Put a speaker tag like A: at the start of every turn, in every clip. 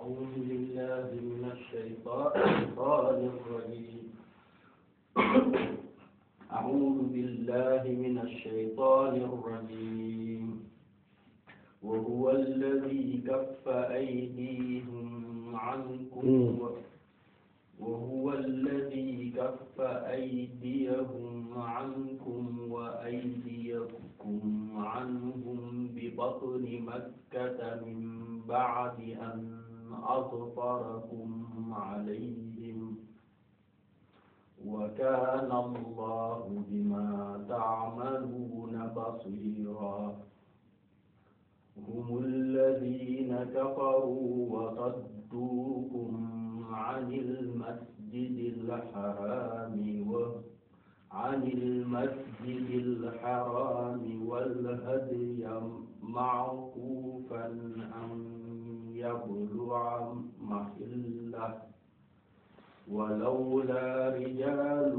A: أعوذ بالله من الشيطان الرجيم أعوذ بالله من الشيطان الرجيم وهو الذي كف أيديهم عنكم وهو الذي كف أيديهم عنكم وأيديكم عنهم ببطن مكة من بعد أن أطفركم عليهم وكان الله بما تعملون بصيرا هم الذين كفروا وصدوكم عن المسجد الحرام عن المسجد الحرام والهدي معكوفا أن يبلغ محله ولولا رجال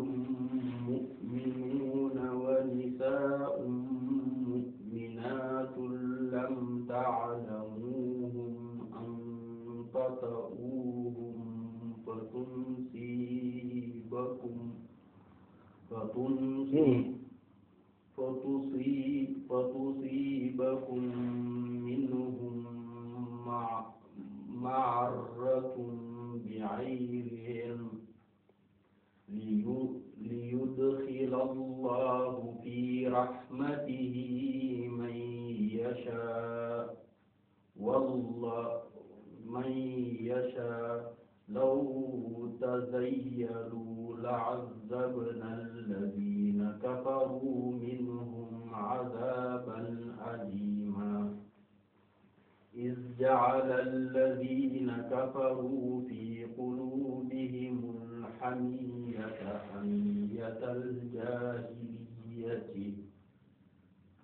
A: مؤمنون ونساء مؤمنات لم تعلموهم أن تطؤوهم فتصيبكم فتصيبكم معرة بعينهم ليدخل الله في رحمته من يشاء والله من يشاء لو تزيلوا لعذبنا الذين كفروا منهم عذابا إذ جعل الذين كفروا في قلوبهم الحمية حمية الجاهلية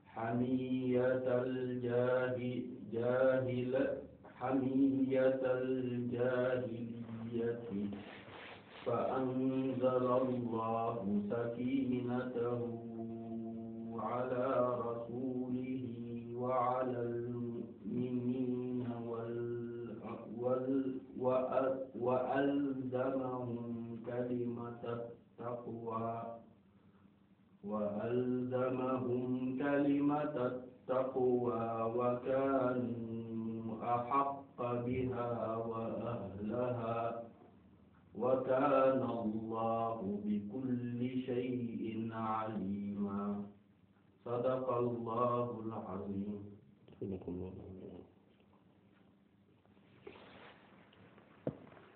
A: حمية الجاهل حمية الجاهلية فأنزل الله سكينته على رسوله وعلى المؤمنين وألزمهم كلمة التقوى وألزمهم كلمة التقوى وكانوا أحق بها وأهلها وكان الله بكل شيء عليما صدق الله العظيم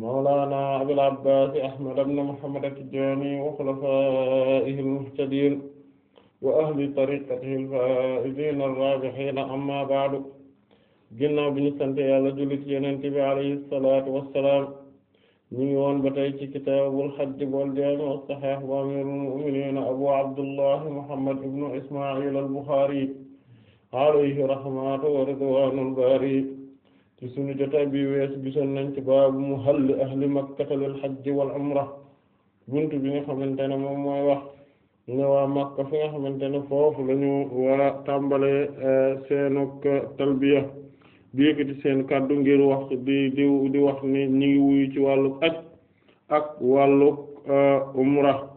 B: mawlana abil abbaas ahmad ibn muhammad at-tijaani wa xulafaa'ihi al-muhtadiin wa ahli tariiqatihi al-faa'iziina ar-raabihiina amma ba'du ginnaaw bi ñu sant yàlla julli ci yonent bi alayhi salaatu wa salaam ñu ngi woon ba tey ci kitaabul hajj wal jaami' as-sahiih wa amiirul mu'miniin abu abdullah muhammad ibn ismaa'iil al-buxaari alayhi rahmatu wa ridwaanul baari ci suñu jotaay bi weesu gisoon nañ ci baabu mu halli ahli makkata lil hajji wal umra buntu bi nga xamante ne moom mooy wax ne waa makka fi nga xamante ne foofu la ñu war a tàmbalee eh, seenu talbiya di yëkkati seen kàddu ngir wax di di wax ni ñi ngi wuyu ci wàllu aj ak wàllu eh, umra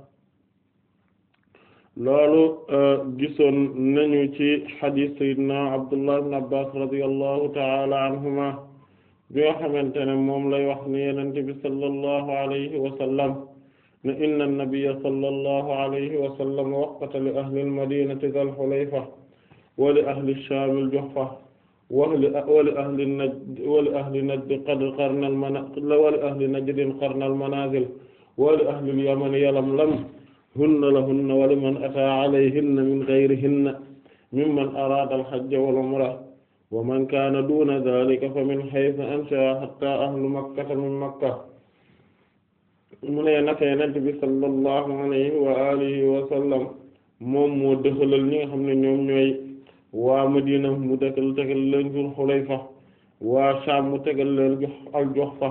B: loolu euh, gisoon nañu ci xadiis sayyidina Abdullah ibn Abbas radiyallahu ta'ala anhuma bi nga xamante ne moom lay wax ne yenente bi sallallahu alayhi wa sallam ne inna an-nabiyya sallallahu alayhi wa sallam waqata li ahli al-madinati dhal hulayfa wa li ahli ash-sham al-juhfa wali wali ahli najd wali ahli najd qad qarna al-manazil wali ahli najd qarna al-manazil wali ahli al-yaman yalamlam hunna lahunna wa liman ataa alayhinna min ghayrihinna mimman arada al-hajja wal umrata wa man kaana duuna dhaalika fa min haythu anshaa hattaa ahlu makkata min makka mu ne naka Yonent bi sallallahu alayhi wa alihi wa sallam moom moo dëxalal ñi nga xam ne ñoom ñooy waa Madina mu tegal tegal leen Dul Xulayfa waa Shaam mu tegal leen al Juhfa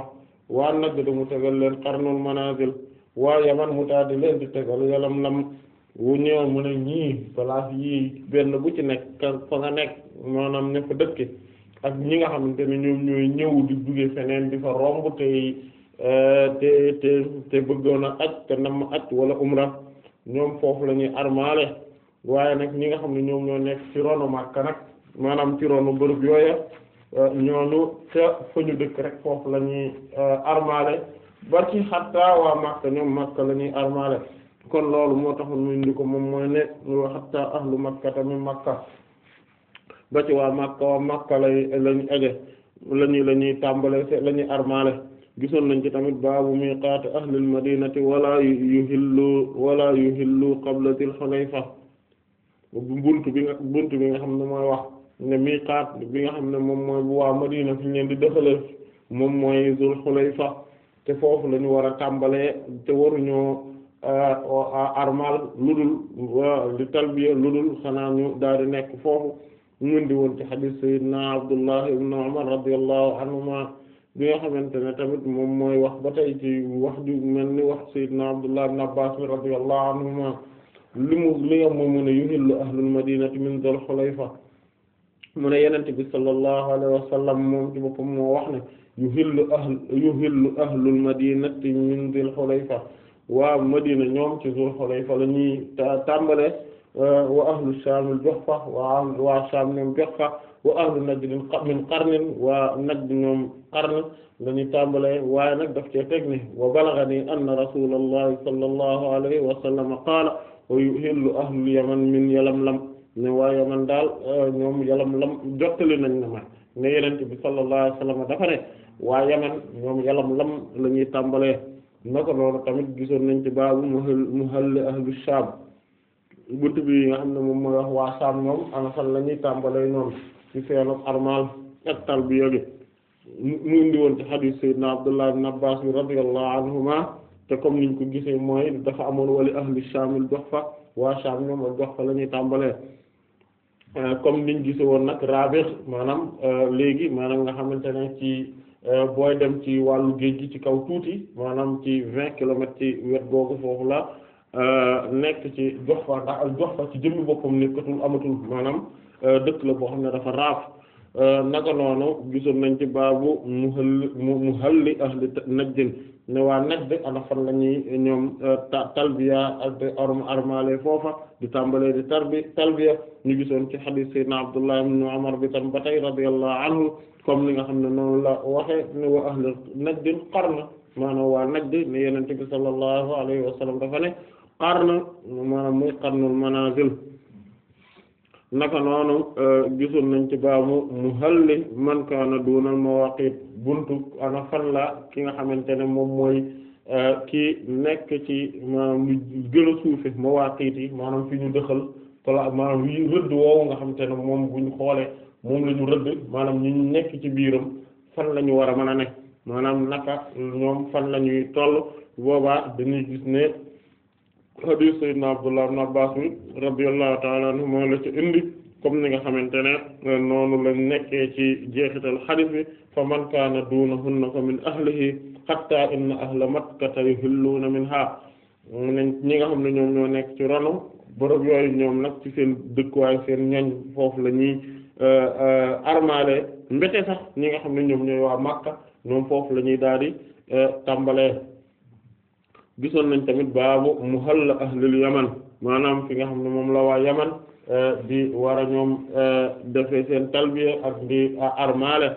B: waa Najd mu tegal leen Qarnul Manaazil waa yaman mu daal di leen di tegal yalam lam wu ñëw mu ne ñii place yii benn bu ci nekk fa nga nekk maanaam ne fa dëkk ak ñi nga xamante ne ñoom ñooy ñëw di jóge feneen di fa romb tey euh, te te te wala umra ñoom la ñuy armaale waaye nag ñi nga xam ne ñoom ñoo nekk ci ronu Makka nag maanaam ci ronu bërëb yooya euh, ñooñu ca fa ñu dëkk rek foofu la ñuy euh, armaale ba ci xatta waa Makka ñoom Makka la ñuy armaale kon loolu moo taxoon mu indi ko moom mooy ne wa xatta ahlu Makka tamit Makka ba ci waa Makka waa Makka lay lañu aje lañu la ñuy tàmbale la ñuy armaale gisoon nañ ci tamit baabu miqaati ahlil madinati wala yuhillu wala yuhillu qabla dil xulayfa bunt bi nga bunt bi nga xam ne mooy wax ne miqaat bi nga xam ne moom mooy bu waa madina fi ñu leen di dëxale moom mooy dul xulayfa te foofu lañu war a tàmbalee te waruñoo euh, armal ludul euh, di talbiya ludul xanaa ñu daal di nekk foofu ñu di woon ci xadiis sayyidina Abdullah ibn Umar radiyallahu anhuma bi nga xamante ne tamit moom mooy wax ba tey ci wax ju mel ni wax sayyidina Abdullah ibn Abbas mi radiyallahu anhuma li mu li nga moom mu ne yuhillu ahlul madinati min dhul hulayfa mu ne yenente bi sallallahu alayhi wa moom ci boppam moo wax ne yuhillu ahl yuhillu ahlul madinati min dil xulayfa waa madina ñoom ci zul xulayfa la ñuy tàmbale uh, wa ahlu shaamil juhfa wa waa shaam ñoom juhfa wa ahlu najd min qarnin waa najd ñoom qarn la ñuy tàmbale waaye daf cee teg ni wa balagani anna rasulallahi sallallahu alayhi wa sallam qaala wa yuhillu ahlul yaman min yalamlam ne waa yaman daal uh, ñoom yalamlam jottali nañ na ma ne yenente bi sallallahu alayhi dafa ne waa Yaman ñoom yalam lam la ñuy tàmbalee naka tamit gisoon nañ ci baabu muhalli ahlu bu bunt yi nga xam ne moom mooy wax waa Shaam ñoom a fan la ñuy tàmbalee ñoom ci seenu armal ak talbiya gi mu indi woon ci xadiis Seydina Abdullah ibn Abbaas bi radiyallahu anhuma te comme niñ ko gisee mooy dafa amoon wali ahli Shaam al fa waa Shaam ñoom al Juhfa la ñuy tàmbalee comme niñ gisee woon nag raabix maanaam euh, léegi maanaam nga xamante ne ci Euh, booy dem ci wàllu géej gi ci kaw tuuti maanaam ci vingt kilomètres ci wet googu foofu la euh, nekk ci jox fa ndax jox fa ci jëmmi boppam nekkatul amatul maanaam euh, dëkk la boo xam ne dafa raaf naka noonu gisoon nañ ci baabu muhalli muhalli ahli najdin ne waa najd ana fan la ñuy ñoom talbiya ak arm armale foofa di tàmbalee di tarbi talbiya ñu gisoon ci hadith sayyidina Abdullah ibn Umar bi tam ba tey anhu comme li nga xam ne noonu la waxe ne wa ahlu najdin qarna maanaam waa najd ne yonent bi sallallahu alayhi wa sallam dafa ne qarna maanaam muy qarnul manazil naka noonu e, gisul nañ ci baamu muhalli man kaana duunal mawaqit buntu ana fan la ki nga xamante ne moom mooy e, ki nekk ci maanaam lu gën a suufe mawaqit yi maanaam fi ñu dëxal wala maanaam rëdd woowu nga xamante ne moom buñ xoolee moom la ñu rëdd maanaam ñu nekk ci biiram fan lañu ñu war a mën a ne maanaam naka ñoom fan la ñuy toll boobaa dañuy gis ne hadith sayyidina Abdullah ibn Abbas bi radiyallahu ta'ala anhu moo la ci indi comme ni nga xamante ne euh, noonu la nekkee ci jeexital hadith bi fa man kaana duunahunna fa min ahlihi hatta inna ahla makkata yuhilluna minha ñi nga xam ne ñoom ñoo nekk ci ronu bërëb yooyu ñoom nag ci seen dëkkuwaay seen ñoñ foofu la ñuy Euh, euh, armale mbete sax ñi nga xam ne ñoom ñooy waa Makka ñoom foofu la ñuy daal di euh, tàmbalee gisoon nañ tamit baabu mu muhalla ahlil yaman maanaam fi nga xam ne moom la waa yaman di war a ñoom defee seen talbiya ak di armale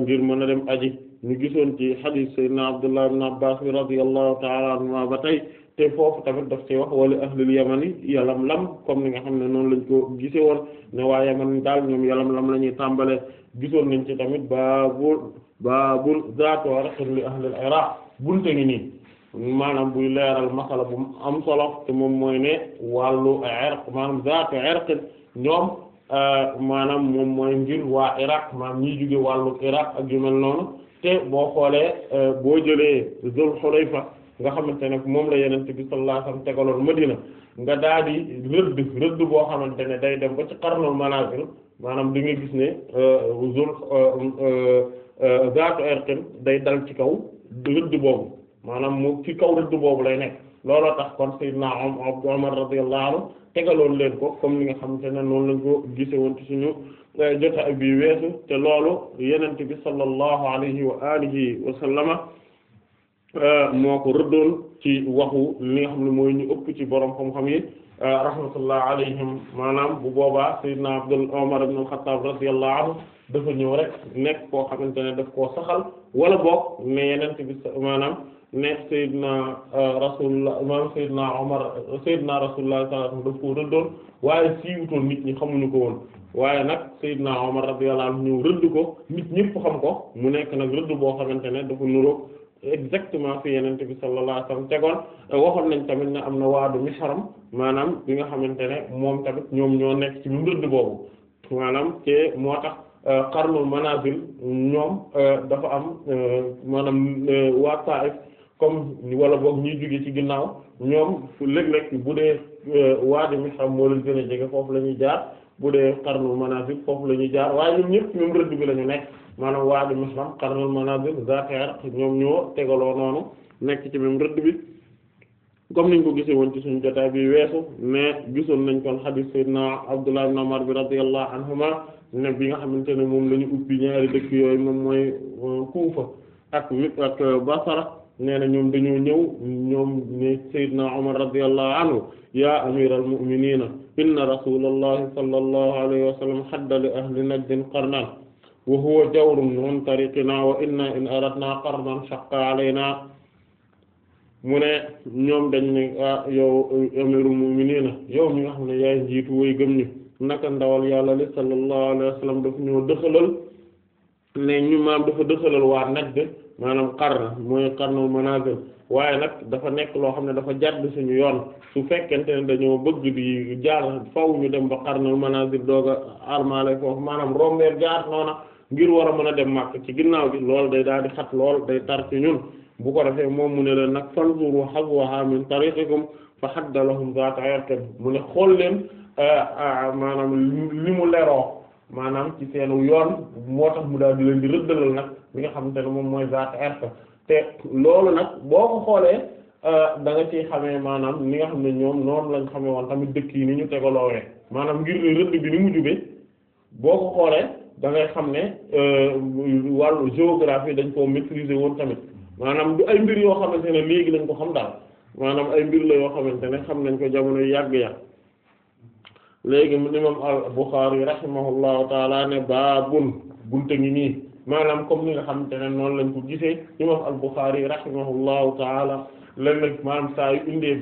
B: ngir mën a dem aji ñu gisoon ci hadith sayyidina Abdullah na Abbas bi radiyallahu ta'ala anhuma ba tey te foofu tamit daf ci wax wala ahlul yamani yalam lam comme ni nga xam ne noonu lañ ko gise woon ne waa yaman daal ñoom yalam lam la ñuy tàmbale gisoon lañu ci tamit baabul baabul zaatu arqin li ahlil iraq bunte ngi nii maanaam buy leeral masala bu am solo te moom mooy ne wàllu irq maanaam zaatu irqin ñoom euh, maanaam moom mooy ngir waa iraq maanaam ñi jóge wàllu iraq ak yu mel noonu te boo xoolee euh, boo jëlee Zul Hulayfa nga xamante ne moom la yenent bi sallallahu alayhi wasallam tegaloon Madina nga daal di rëdd rëdd boo xamante ne day dem ba ci qarnul manazil maanaam di nga gis ne euh, zul euh, euh, zaatu erqin day dal ci kaw rëdd boobu maanaam mu ci kaw rëdd boobu lay nekk looloo tax kon sayyidna Umar radiyallahu anhu tegaloon leen ko comme li nga xamante ne noonu lañ ko gise woon ci suñu jotaay bi weesu te loolu yenent bi sallallahu alayhi wa alihi wa sallama Euh, moo ko rëddoon ci waxu li nga xam ne mooy ñu ëpp ci borom xam-xam yi euh, rahmatullah alayhim maanaam bu boobaa sayyidna Abdul Umar ibn al-Khattab radiyallahu dafa ñëw rek nekk koo xamante ne daf koo saxal wala boog ne yeneen bi maanaam ne sayyidna euh, rasulullah maanaam sayyidna Umar sayyidna rasulullah sallallahu alayhi wasallam daf nit ñi xamuñu ko woon waaye nag sayyidna Umar radiyallahu anhu ñëw rëdd ko nit ñëpp xam ko mu nekk nag rëdd boo xamante ne dafa nuroog exactement fi yenente bi sallallahu alayhi wasallam tegoon waxoon nañ tamit ne am na waadu misharam maanaam bi nga xamante ne moom tamit ñoom ñoo nekk ci mbënd boobu maanaam ke moo tax xarnul euh, manazil ñoom euh, dafa am euh, maanaam waa Taif comme wala boog ñuy jóge ci ginnaaw ñoom léeg-léeg bu dee waadi misharam moo leen gën a jege foofu la ñuy jaar bu dee xarnul manazil foofu la ñuy jaar waaye ñun ñëpp ñoom rëdd bi la ñu nekk maanaam waadi Misra Qarnul Manazil Zaati Irq ñoom ñoo tegaloo noonu nekk ci même rëdd bi comme niñ ko gisee woon ci suñu jotaay bi weesu mais gisoon nañ kon xadiis Seydina Abdullah ibn Umar bi radiyallahu anhuma ne bi nga xamante ne moom lañu ñu ubbi ñaari dëkk yooyu moom mooy euh, Kuufa ak ak euh, Basra nee na ñoom dañoo ñëw ñoom ne Seydina Umar radiyallahu anhu ya amiral mu'minina inna rasulallahi sallallahu alayhi wa sallam hadda li ahli najdin wa huwa jawrun an tariqina wa inna in aradna qardan shaqqa alayna mu ne ñoom dañ ne ah yow amirul mu'minina yow mi nga xam ne yaay njiitu way gëm ñu naka ndawal yàlla li sallallahu alayhi wa sallam dafa ñoo dëxalal ne ñu maam dafa dëxalal waa Najd maanaam qarn mooy qarnul manazil waaye nag dafa nekk loo xam ne dafa jàdd suñu yoon su fekkente ne dañoo bëgg di jaar faw ñu dem ba qarnul manazil doog a armale foofu maanaam rombeer jaar noona ngir war a mën a dem màkk ci ginnaaw bi loolu day daal di xat lool day tar ci ñun bu ko defee moom mu ne leen nag fanzuru hazwaha min tariqikum fa hadda lahum zaata irkab mu ne xool leen eh, ah, maanaam li mu leroo maanaam ci seenu yoon moo tax mu daal di leen di nag li nga xamante ne moom mooy zaata irkab te loolu nag boo ko xoolee eh, da ci xamee maanaam li nga xam ne ñoom noonu lañ xamee woon tamit dëkk yi ni ñu tegaloowee maanaam ngir ne rëdd bi ni mu jubee xoolee da ngay xam ne euh, wàllu géographie dañ koo maîtriser woon tamit maanaam du ay mbir yoo xamante ne léegi lañ ko xam daal maanaam ay mbir la yoo xamante ne xam nañ ko jamono yàgg ya léegi imam al-Bukhari rahimahullahu taala ne baabun bunte ngi nii maanaam comme ni nga xamante ne noonu lañ ko gisee imam al-Bukhari rahimahullahu taala lan nag maanaam saa yu indee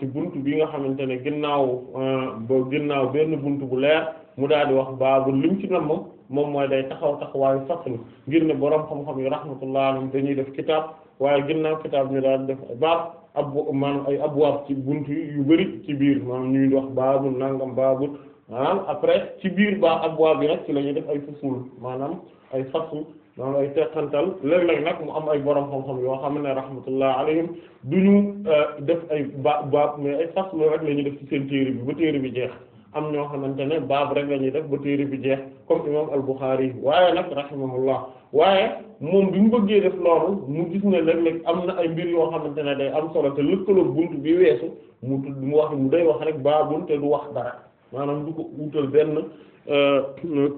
B: ci buntu bi nga xamante ne ginnaaw euh, ginnaaw benn bunt bu leer mu daal di wax baabu li mu ci nam moom moom mooy day taxaw taxawaayu fasl ngir ne borom xam-xam yi rahmatullah alayhim dañuy def kitaab waaye ginnaaw kitaab ñu daal di def baab ab maanaam ay abwaab ci buntu yu bëri ci biir maanaam ñuy wax baabu nangam baabu maanaam ah après ci biir baa abwaab yi nag ci la ñuy def ay fusul maanaam ay fasl maanaam ay teqantal léeg-léeg nag mu am ay borom xam-xam yoo xam ne rahmatullah alayhim ñu euh, def ay ba baab mais ay fasl rek la ñuy def ci seen téere bi ba bi jeex. am ñoo xamante ne baab rek la ñuy def ba téere bi jeex comme imam al-Bukhari waaye nag rahimahullah waaye moom bi mu bëggee def loolu mu gis ne léeg-léeg am na ay mbir yoo xamante ne day am solo te lëkkaloo bunt bi weesu mu tudd wax mu day wax rek baabun te du wax dara maanaam du ko wuutal benn euh,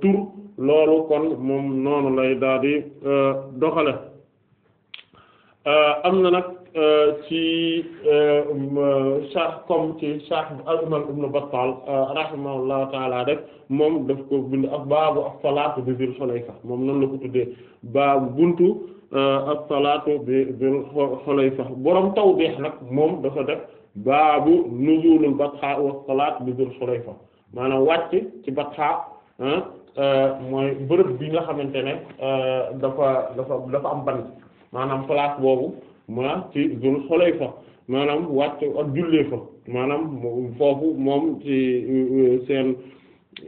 B: tur loolu kon moom noonu lay daal di euh, doxale euh, am na nag Euh, ci sharh euh, um, euh, comme ci sharh al-imam Ibn Battal rahimahullahu taala rek moom daf ko bind ak baabu as-salaatu bi Zul Xulayfa moom noonu la ko tuddee baabu buntu as-salaatu bi Zul Xulayfa borom nag moom dafa def baabu nuzuulul bathaa was-salaatu bi Zul Xulayfa maanaam wàcc ci bathaa mooy bërëb bii nga xamante ne dafa dafa dafa am ban maanaam place boobu. ma ci Zul Xulayfa maanaam wàcc ak jullee fa maanaam foofu moom ci euh, euh, seen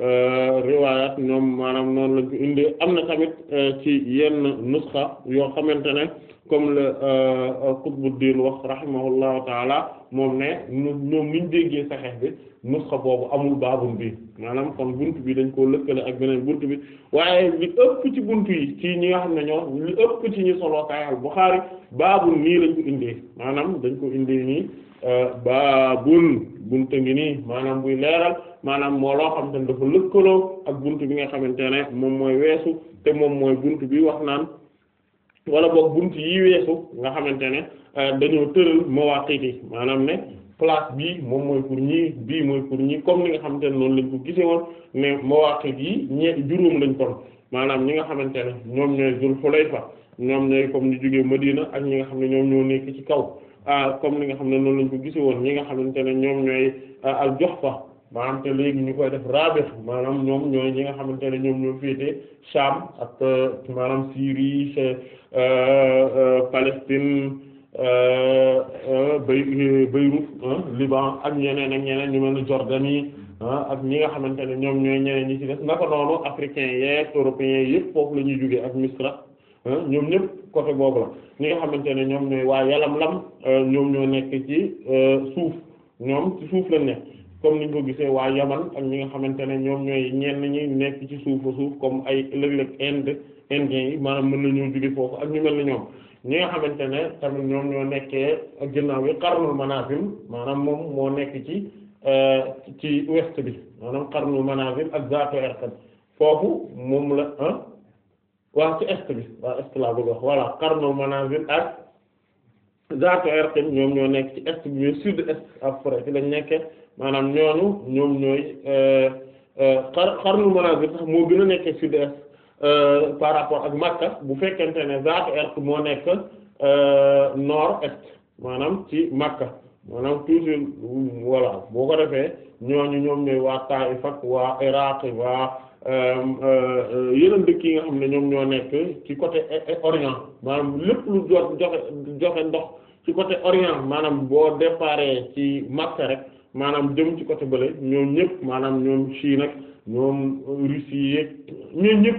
B: euh, riwayat ñoom maanaam noonu la ko indi am na tamit ci yenn nusxa yoo xamante comme le euh, euh, Qutbuddin wax rahimahullahu taala moom ne ñoom niñ déggee saxeex bi nusxa boobu amul baabun bi maanaam kon bunt bi dañ koo lëkkale ak beneen bunt bi waaye li ëpp ci bunt yi ci ñi nga xam ne ñoo li ëpp ci ñi solo Sahih Bukhari baabul nii lañ ko indee maanaam dañ ko indi nii euh, baabun bunta ngi nii maanaam buy leeral maanaam moo loo xam te ne dafa lëkkaloo ak bunt bi nga xamante ne moom mooy weesu te moom mooy bunt bi wax naan wala boog bunt yi weesu nga xamante ne euh, dañoo tëral mawaqiti maanaam ne place bii moom mooy pour ñii bii mooy pour ñii comme ni nga xamante ne noonu lañ ko gisee woon mais mawaqit yi ñee juróom lañ kon maanaam ñi nga xamante ne ñoom ñooy Zul Xulayfa ñoom ñooy comme ñu jógee Madina ak ñi nga xam ne ñoom ñoo nekk kaw ah, comme ni nga xam ne noonu lañ ko gisee woon ñi nga xamante ne ñoom ñooy jox euh, Juhfa maanaam te léegi ñu koy def rabix maanaam ñoom ñooy ñi nga xamante ne ñoom ñoo féete Sham ak euh, maanaam Syrie euh, euh, Palestine Bey Beyrouth Liban ak ñeneen ak ñeneen ñu mel ne Jordanie ak ñi nga xamante ne ñoom ñooy ñeneen ñi ci des naka noonu africains yeeg européens la ñuy jóge ak Misra ñoom ñëpp côté boobu la ñi nga xamante ne ñoom ñooy waa Yalamlam ñoom ñoo nekk ci suuf ñoom ci suuf lañ nekk. comme niñ ko gisee waa Yaman ak ñi nga xamante ne ñoom ñooy ñenn ñi nekk ci suufa suuf comme ay léeg-léeg Inde Indiens yi maanaam mën nañoo jóge foofu ak ñu mel ni ñoom ñi nga xamante ne tamit ñoom ñoo nekkee ak ginnaaw yi qarnul manazil maanaam moom moo nekk ci euh, ci ouest bi maanaam qarnul manazil ak zaatu irqad foofu moom la ah waa ci est bi waa est laa bëgg wax voilà qarnul ak zaatu irqin ñoom ñoo nekk ci est bi mais sud est après ci lañ nekke maanaam ñoonu ñoom ñooy euh, euh, xar xarnu manazir sax moo gën a nekke sud est euh, par rapport ak Makka bu fekkente ne zaatu irq moo nekk nord est maanaam ci Makka maanaam toujours voilà boo ko defee ñooñu ñoom ñooy waa Taif ak waa Iraq nga xam ne ñoom ñoo nekk ci côté orient maanaam lépp lu joxe joxe ndox ci côté orient maanaam boo déparé ci Makka rek maanaam jëm ci côté bële ñoom ñëpp maanaam ñoom Chine ak ñoom Russie yeeg ñoom ñëpp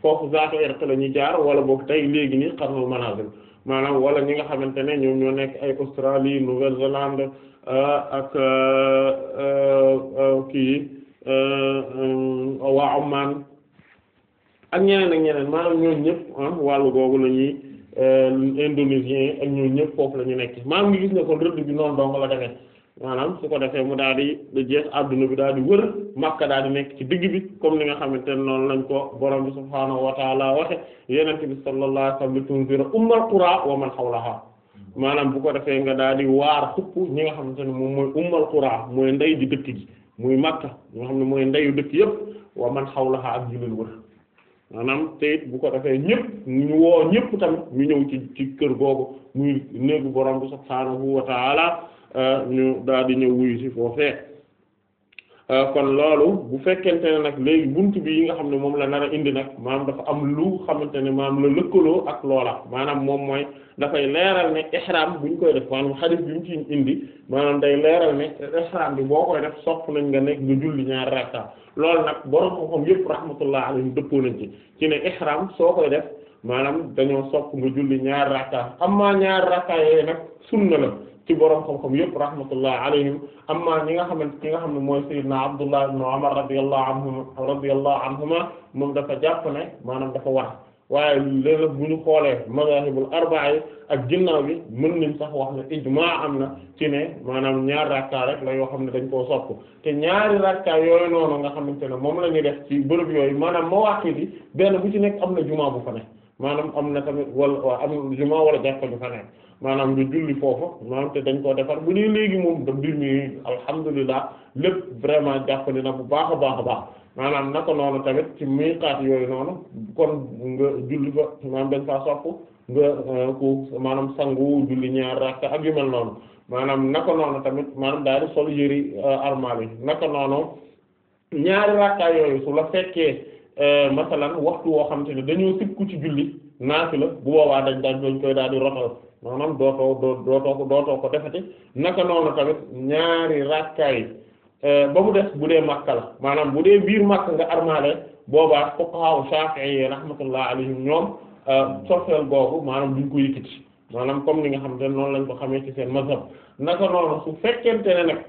B: foofu zaatu irq la ñuy jaar wala boog tey léegi nii xarnul manazil maanaam wala ñi nga xamante ne ñoom ñoo nekk ay Australie Nouvelle-Zélande euh, ak euh, euh, kii waa Oman ak ñeneen ak ñeneen maanaam ñoom ñëpp ah, wàllu googu la ñuy. Euh, indonésien ak ñoo ñëpp foofu la ñu nekk maam ngi gis ne kon rëdd bi noonu dong la defee maanaam su ko defee mu daal di da jeex adduna bi daal di wër Makka daal di nekk ci digg bi comme ni nga xamante ne noonu lañ ko borom bi subhaanahu wa taala waxe yenente bi sallallahu alayhi wa sallam li tunzira man hawlaha maanaam bu ko defee nga daal di waar xupp ñi nga xamante ne moom mooy ummul qura mooy ndey di dëkk gi muy Makka ñi nga xam ne mooy ndeyu dëkk yëpp wa man hawlaha ak ji leen wër maanaam te bu ko defee ñëpp ñu woo ñëpp tamit ñu ñëw ci ci kër googu muy néegu borom bi subhaanahu wa ta'ala euh, ñu daal di ñëw wuyu si foofee Euh, kon loolu bu fekkente ne nag léegi bunt bi yi nga xam ne moom la nar a indi nag maam dafa am lu xamante ne maam la lëkkaloo ak loola maanaam moom mooy dafay leeral ne ihram buñ koy def maanaam hadith bi mu ci indi maanaam day leeral ne ihram bi boo koy def sopp nañ nga nekk nga julli ñaar rakka lool nag borom xam-xam yëpp rahmatullah alayhi dëppoo nañ ci ci ne ihram soo koy def. maanaam dañoo sopp nga julli ñaar rakka amma ñaar rakka yooyu nag sunna la ci borom xam-xam yëpp rahmatullah am amma ñi nga xamante ki nga xam ne mooy sayyidna Abdullah ibn Umar radiyallahu anhuma radiyallahu anhuma moom dafa jàpp ne maanaam dafa war waaye léeg bu ñu xoolee mazahibul arbaa yi ginnaaw bi mën nañ sax wax ne ijmaa am na ci ne maanaam ñaari rakka rek la yoo xam ne dañ koo sopp te ñaari rakka yooyu noonu nga xamante ne moom la ñuy def ci bërëb yooyu maanaam mawaaqit yi benn bu ci nekk am na jumaa bu fa ne maanaam am na tamit wala am jumaa wala jàkka ju fa nekk maanaam nga julli foofu maanaam te dañ koo defar bu dee léegi moom da mbir mi alhamdulilah lépp vraiment jàppandi na bu baax a baax a baax maanaam naka noonu tamit ci miqaat yooyu noonu kon nga julli fa maanaam dañ faa sopp nga euh, ku maanaam sangu julli ñaar rakka ak yu noonu maanaam naka noonu tamit maanaam daal di sol yëri euh, armal yi naka noonu ñaari rakka yooyu su la fekkee. Euh, masalan waxtu woo xam te ne dañoo sikku ci julli la bu boobaa dañ dañ dañ koy daal di rotal maanaam dootoo dootoo ko dootoo ko defati naka noonu tamit ñaari rakkaay euh, ba mu des bu dee Makka la maanaam bu dee biir Makka nga armaale boobaa fuqaha Shafi'i rahmatullah alayhim ñoom euh, soxal googu maanaam duñ ko yëkkati maanaam comme ni nga xam te noonu lañ ko xamee ci seen mazhab naka noonu su fekkente ne nag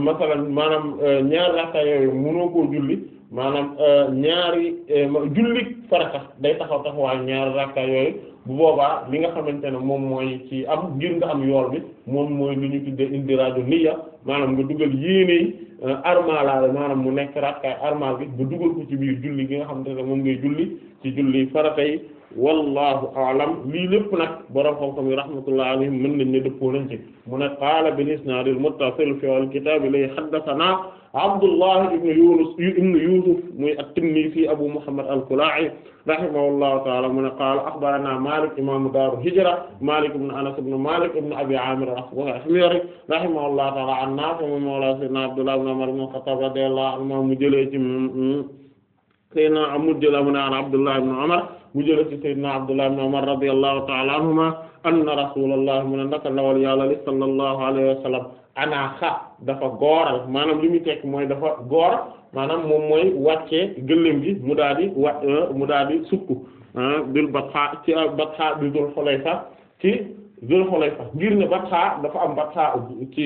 B: masalan maanaam ñaari rakkaay yooyu mënoo maanaam euh, ñaari euh, jullit farata day taxaw taxawaayu ñaari rakka yooyu bu boobaa li nga xamante ne moom mooy ci am ngir nga am yool bi moom mooy li ñu tuddee indiraadu niyya maanaam nga dugal yéene euh, armalaale maanaam mu nekk rakkaay armal bi nga dugal ko ci biir julli gi nga xamante ne moom ngay julli ci julli farata yi wallahu a'lam lii lépp nag borom xam-xam yi rahmatullahi alayhim mën nañ ne dëppoo nañ ci mu ne qaala bil isnaadil muttasil fi al-kitaab li haddathanaa Abdullah ibn Yunus ibn Yusuf muy at-Tinnisi Abu Muhammad al-Kalaa'i rahimahullahu ta'ala mu ne qaala akhbaranaa Maalik imaamu daaru hijra Maalik ibn Anas ibn Maalik ibn Abi Aamir al-Asbahani rahimahullahu ta'ala an Naafi' mawlaa sayyidinaa Abdullah ibn Umar ibn al-Khattaab radiyallahu anhumaa mu jëlee ci sayyidinaa mu jëlee mu ne an Abdullah ibn Umar mu jële ci sayyidina Abdullah ibn Umar radiyallahu ta'ala anhuma anna rasulullah mu ne ndaka ndawal yàlla li sallallahu alayhi wa sallam anaaxa dafa gooral maanaam li muy tekk mooy dafa goor maanaam moom mooy wàcce gëléem gi mu daal di wa euh, mu daal di sukk bil euh, batha ci euh, batha bi dul xulayfa ci zul xulayfa ngir ne batha dafa am batha ci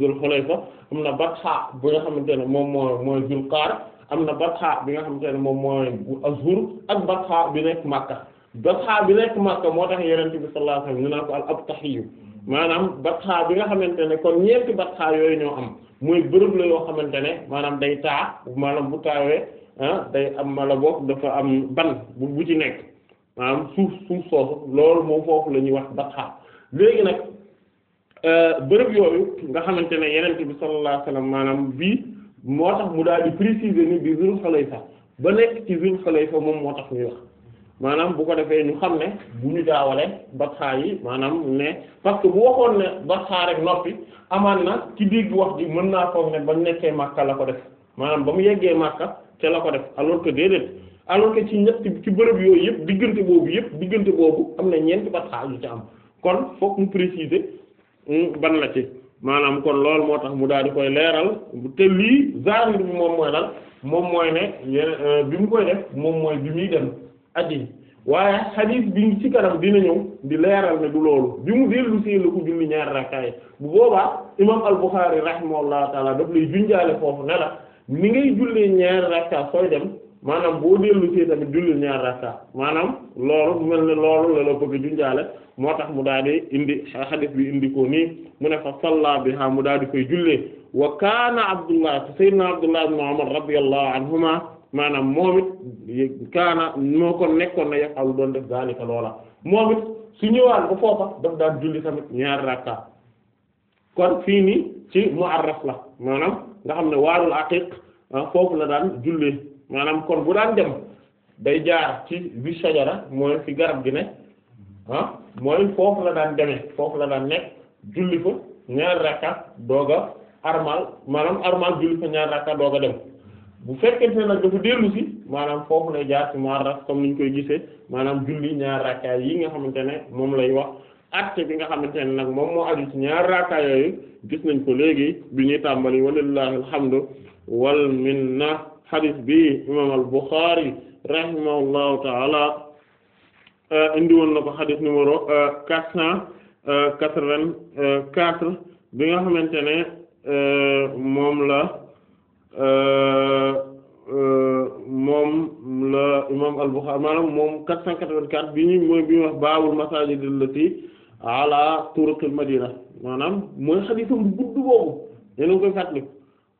B: zul xulayfa am na batha bu nga xamante ne moom moo mooy zul qaar am na batxa bi nga xamante ne moom mooy azur ak batxa bi nekk Makka batxa bi nekk Makka moo tax Yonent bi sallallahu alayhi wasallam ñu naan ko maanaam batxa bi nga xamante ne kon ñeenti batxa yooyu ñoo am mooy bërëb la yoo xamante ne maanaam day taa maanaam bu taawee ah, day am mala boog dafa am ban bu ci nekk maanaam suuf suuf soosu loolu moom foofu la ñuy wax batxa léegi nag euh, bërëb yooyu nga xamante ne Yonent bi sallallahu alayhi maanaam bii. moo tax mu daal di préciser ni bi Zul Xulayfa ba nekk ci Zul Xulayfa moom moo tax muy wax maanaam bu ko defee ñu xam ne bu ñu jaawale batxaa yi maanaam ne parce que bu waxoon ne batxaa rek noppi amaan na ci digg wax ji mën naa foog ne ba mu nekkee Makka la ko def maanaam ba mu yeggee Makka te la ko def alors que déedéet alors que ci ñett ci bërëb yooyu yëpp diggante boobu yëpp diggante boobu am na ñeenti batxaa yu ci am kon foog mu préciser hmm, ban la ci. maanaam kon loolu moo tax mu daal di koy leeral te lii zahir bi moom mooy lan moom mooy ne euh, bi mu koy def moom mooy bi muy dem aji waaye xadiis bi ngi ci kanam dina ñëw di leeral ne du loolu bi mu lu see la ko julli ñaari rakkaay bu boobaa imaam al-Bukhari rahimahullahu taala daf lay junjaale foofu ne la ni ngay jullee ñaari rakkaay sooy dem maanaam boo dellu ci tamit jullil ñaar rakka maanaam loolu mel ne loolu la la bëgg junjaale moo tax mu daal di indi hadith bi indi ko nii mu ne fa salla biha mu daal di koy jullee wa kaana Abdullah sayyidina Abdullah ibn Umar radiyallahu anhuma maanaam moom it kaana moo ko nekkoon na yafalu doon def zalika loola moom it su ñëwaan ba foofa daf daan julli tamit ñaar rakka kon fii nii ci mu'arraf la maanaam nga xam ne waarul aqiq ah, foofu la daan jullee maanaam kon bu daan dem day jaar ci bi sajara mooy fi garab gi ne ah mooy foofu la daan demee foofu la daan nekk julli fa ñaar rakka doog a maanaam armal julli fa ñaar rakka doog dem bu fekkee ne nag dafa dellu si maanaam foofu lay jaar ci Muharram comme ni ñu koy gisee maanaam julli ñaar rakka yi nga xamante ne moom lay wax acte bi nga xamante ne nag moom moo aju ci ñaar rakka yooyu gis nañ ko léegi bi ñuy tàmbali walillahi alhamdu wal minna xadis bi imam al-Bukhari rahimahullahu taala euh, indi woon na ko xadis numéro euh, quatre cent quatre-vingt-quatre bi nga xamante ne euh, moom la moom la imam al-Bukhari maanaam moom quatre cent quatre-vingt-quatre bi ñu mooy bi ñu baabul masaajid allati ala turuqil madina maanaam mooy xadisam bu gudd boobu yéen a ngi koy fàttali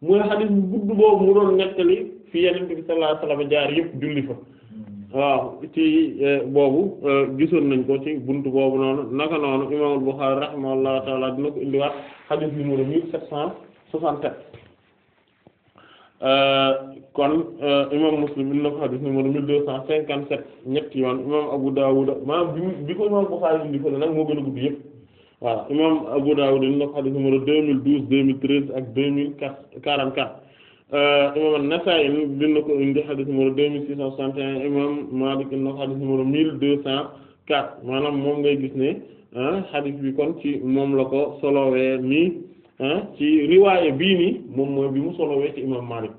B: mooy xadis bu gudd boobu mu doon nettali fi yenente bi sallallahu alayhi wasallam jaar yëpp julli fa waaw ci eh, boobu eh, gisoon nañ ko ci bunt boobu noonu naka noonu imaamul Bukhari rahimahullahu taala dina ko indiwaat hadith numéro mille sept cent soixante eh, ñett yoon imam Abu Dawud maanaam bi bi ko imaamul Bukhari indi fa nag moo gën a gudd yëpp voilà imam Abu Dawud indi na ko hadith numéro deux mille douze deux mille treize ak deux mille quarante-quatre imam an-Nasa'i dina ko indi xadis numéro deux mille six cent soixante un imam Malik dina ko xadis numéro mille deux cent quatre maanaam moom ngay gis ne ah, xadis bi kon ci moom la ko solowee mi ah, ci riwaaye bii nii moom mooy bi mu solowee ci imam Malik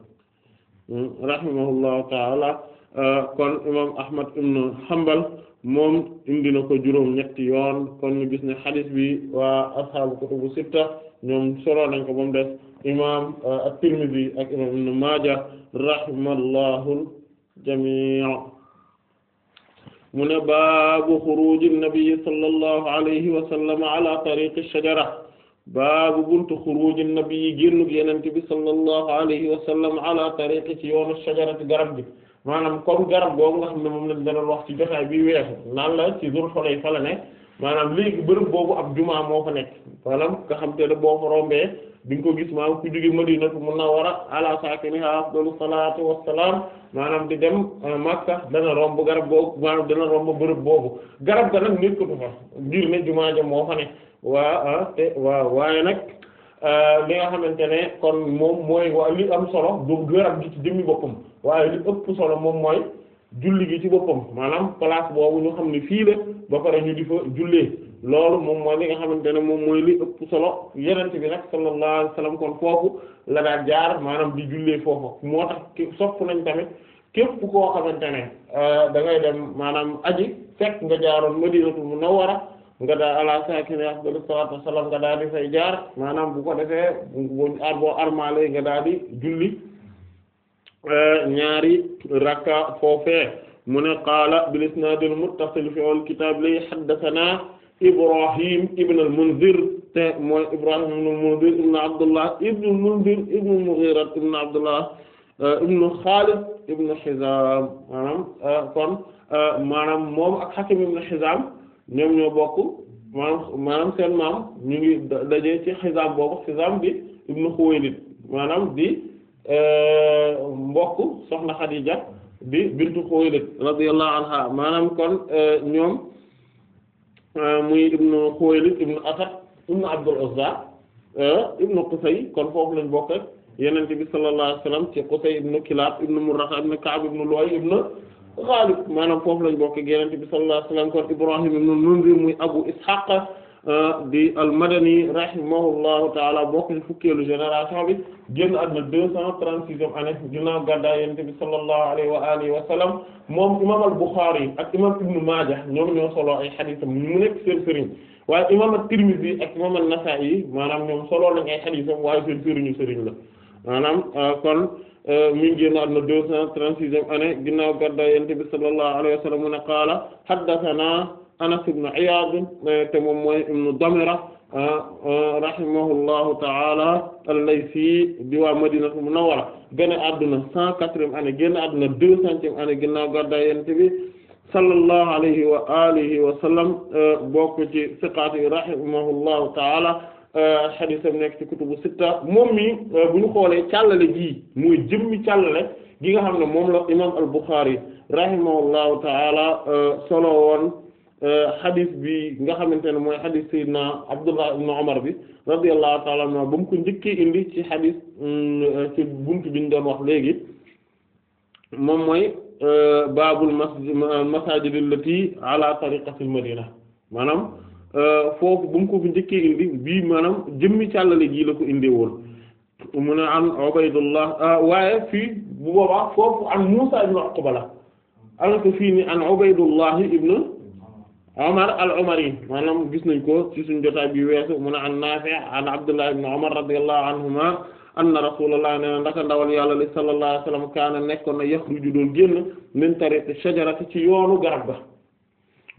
B: hmm, rahimahullahu taala euh, kon imam Ahmad ibn Hanbal moom indi na ko juróom ñetti yoon kon ñu gis ne xadis bi waa ashaabu kutubu sitta ñoom solo nañ ko ba mu des imam euh, at-Tirmidhi ak imam Ibn Maaja rahimallahu al-jamii' mu ne baabu xuruji nabi sallallahu alayhi wa sallam ala tariqi shajara baabu buntu xuruji nabi génnug yenent bi sallallahu alayhi wa sallam ala tariqi ci yoonu shajarati garab bi maanaam comme garab googu nga xam ne moom lañ doon wax ci jotaay bi weesu naan la ci Dul Xulayfa la ne maanaam léegi bërëb boobu ab jumaa moo fa nekk maanaam nga xam te ne boo fa rombee di nga ko gis maanaam ku jóge Madinatu Munawwara maanaam di dem euh, Makka dana romb boobu maanaam dana romb bërëb boobu nag nekkatu fa ngir ne jumaa moo fa ne waa ah, te waa waaye nag euh, li ne kon moom mooy li am solo garab gi ci jëmmi boppam waaye li ëpp solo moom mooy julli gi ci boppam maanaam place boobu ñu xam ne fii la ba pare ñu di fa jullee loolu moom moo li nga xamante ne moom mooy li ëpp solo yenent bi nag sallallahu alayhi wasallam kon foofu la daan jaar maanaam bi jullee foofu moo tax sopp nañ tamit képp koo xamante ne da ngay dem maanaam aji fekk nga jaaroon Madinatul Munawwara nga daa ala saakini afdalu salaatu wassalaam nga daa di fay jaar maanaam bu ko defee boo armaale nga daal di julli ñaari rakka foofee mu ne qaala bil isnaadil muttasil fi al kitaab li haddathana Ibrahim ibn al Munzir te mooy Ibrahim ibn al Munzir ibn Abdullah ibn al Munzir ibn al Mughira ibn Abdullah euh, ibn Khalid ibn Hizam maanaam euh, kon euh, maanaam moom ak Hakim ibn Hizam ñoom ñoo bokk maanaam maanaam seen maam ñu ngi daje ci Hizam boobu Hizam bi ibn Khuwaylid maanaam di. Euh, mbokk soxna Xadija bi bintu Xuwaylid radiyallahu anha maanaam kon euh, ñoom euh, muy ibnu Xuwaylid ibnu Asad ibnu Abdul Uzza ibnu Qusay kon foofu lañ bokk ak bi sallallahu alayhi wasallam ci Qusay ibnu Kilaab ibnu Murrah ibnu Ka'b ibnu Lu'ay ibnu Ghalib maanaam foofu lañ bokk ak Yonent bi sallallahu alayhi kon Ibrahim ibnu Munzir muy Abu Ishaq Euh, di al-Madani rahimahullahu taala bokk ci fukkeelu génération bi génn àdduna deux cent trente-sixième année ginnaaw gàddaay Yonent bi sallallahu alayhi wa alihi wa sallam moom imam al-Bukhari ak imam Ibn Maaja ñoom ñoo solo ay xadiisam mu nekk seen sëriñ waaye imam at-Tirmidhi ak imam an-Nasa'i maanaam ñoom solo lañ ay xadiisam waaye seen sëriñu sëriñ la maanaam euh, kon Euh, mi ngi génn àdduna deux cent trente-sixième année ginnaaw gàddaay Yonent bi sallallahu alayhi wa sallam mu ne qaala haddathana Anas ibn Iyaad euh, te moom mooy ibn Damira euh, rahimahullahu ta'ala al-Laysi di waa Madinatu Munawwara génn àdduna cent quatrième année génn àdduna deux centième année ginnaaw gàddaay Yonent bi sallallahu alayhi wa alihi wa sallam bokk ci siqaat yi rahimahullahu ta'ala xadisam euh, nekk ci kutubu sitta moom mi euh, bu ñu xoolee càllale gii mooy jëmmi càllale gi nga xam ne moom la imam al-Bukhari rahimahullahu taala euh, solo woon xadis bi nga xamante ne mooy xadis sayyidina Abdullah ibn Umar bi radiyallahu taala ba mu ko njëkkee indi ci xadis mm, ci buntu bi ñu doon wax léegi moom mooy baabul masajid allati ala tariqatil madina maanaam Euh, foofu ba mu ko fi njëkkee indi bii maanaam jëmmi càllale jii la ko indee woon mu ne an Ubaydullah ah, waaye fii bu boobaa foofu an Muusaa ibn Uqba la alors que an Ubaydullah ibn Umar al-Umari maanaam gis nañ ko ci suñu jotaay bi weesu mu ne an Naafi' an Abdullah ibn Umar radiyallahu anhuma anna rasulullah nee na ndaka ndawal yàlla li sallallahu alayhi wasallam kaana nekkoon na yaxruju doon génn min tariq shajarati ci yoonu garab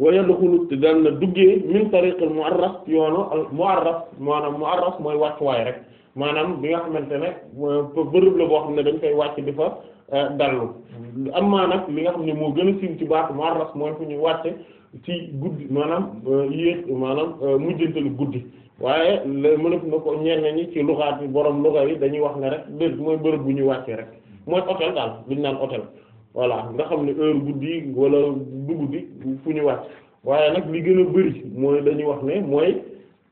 B: wa yadxulu te daan na duggee min tariqil mu'arraf yoonu al mu'arraf maanaam mu mu'arraf mooy wàccuwaay rek maanaam bi nga xamante ne bërëb la boo xam ne dañ koy wàcc di fa euh, dallu amma nag li nga xam ne moo gën a siiw ci baatu mu'arraf mooy fu ñuy wàcce ci guddi maanaam euh, yéex maanaam euh, mujjantalu guddi waaye mënaf na ko ñenn ñi ci luxaat bi borom luxa yi dañuy wax ne rek dé mooy bërëb bu ñuy wàccee rek mooy hôtel daal buñ naan hôtel voilà nga xam ne heure guddi wala du guddi fu ñu wàcc waaye nag li gën a bari mooy dañuy wax ne mooy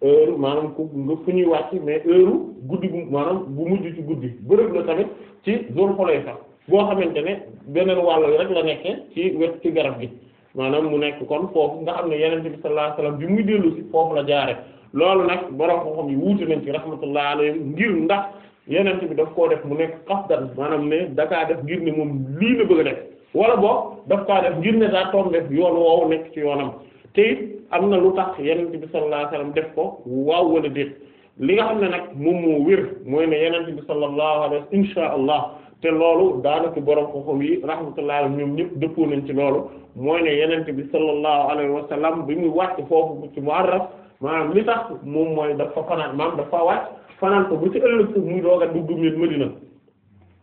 B: heure maanaam ku fu ñuy wàcc mais heure guddi bu maanaam bu mujj ci guddi bërëb la tamit ci zone xoloy sax boo xamante ne beneen wàll rek la nekke ci wet ci garab gi maanaam mu nekk kon foofu nga xam ne yeneen bi sallallahu alayhi wasallam bi muy dellu ci foofu la jaare loolu nag borom xam-xam yi wuute nañ ci rahmatullah alayhi ngir ndax yeneen bi daf koo def mu nekk xasdan maanaam ne dakaa def ngir ne moom lii la bëgg a def wala boog daf kaa def ngir ne daa toom def yoon woowu nekk ci yoonam te am na lu tax yeneen bi sallallahu alayhi wasallam def ko waaw wala li nga xam ne nag moom moo wér mooy ne yeneen bi sallallahu alayhi wasallam insha te loolu daanaka borom xoxom yi rahmatullahi alayhim ñoom ñëpp dëppoo nañ ci loolu mooy ne yeneen bi sallallahu alayhi wasallam bi muy wàcc foofu ci Mu'arraf maanaam li tax moom mooy dafa fanaan daf dafa wàcc fanaan ko bu ci ëllëg suuf muy doog a dugg Madina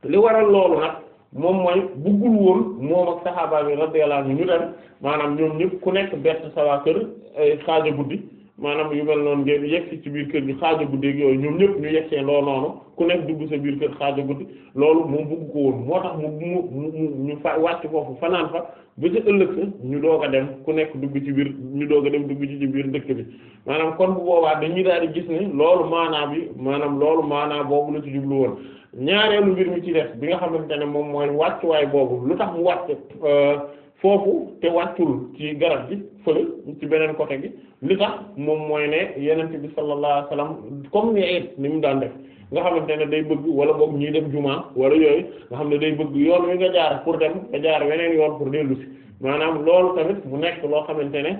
B: li waral loolu nag moom mooy buggul woon moom ak saxaaba bi radiyallahu anhu ñu dem maanaam ñoom ñëpp ku nekk bett sa waa kër eh, xaaja guddi maanaam yu mel noonu ngeen yegsi ci biir kër gi xaaja guddeeg yooyu ñoom ñëpp ñu yegsee loo noonu ku nekk dugg sa biir kër xaaja guddi loolu moom bëgg ko woon moo tax mu mu ñu fa wàcc foofu fanaan fa ba ci ëllëg sa ñu doog a dem ku nekk dugg ci biir ñu doog a dem dugg ci ci biir ndëkk bi maanaam kon bu boobaa dañuy daal di gis ne loolu maanaa bi maanaam loolu maanaa boobu la ci jublu woon ñaareelu mbir mi ci def bi nga xamante ne moom mooy wàccuwaay boobu lu tax mu wàcc euh, foofu te wàccul ci garab bi fële ci beneen côté bi li tax moom mooy ne yenent bi sallallahu alayhi wasallam comme ni eet ni mu daan def nga xamante ne day bëgg wala boog ñuy dem jumaa wala yooyu nga xam ne day bëgg yoon wi nga jaar pour dem nga jaar weneen yoon pour dellu si maanaam loolu tamit mu nekk loo xamante ne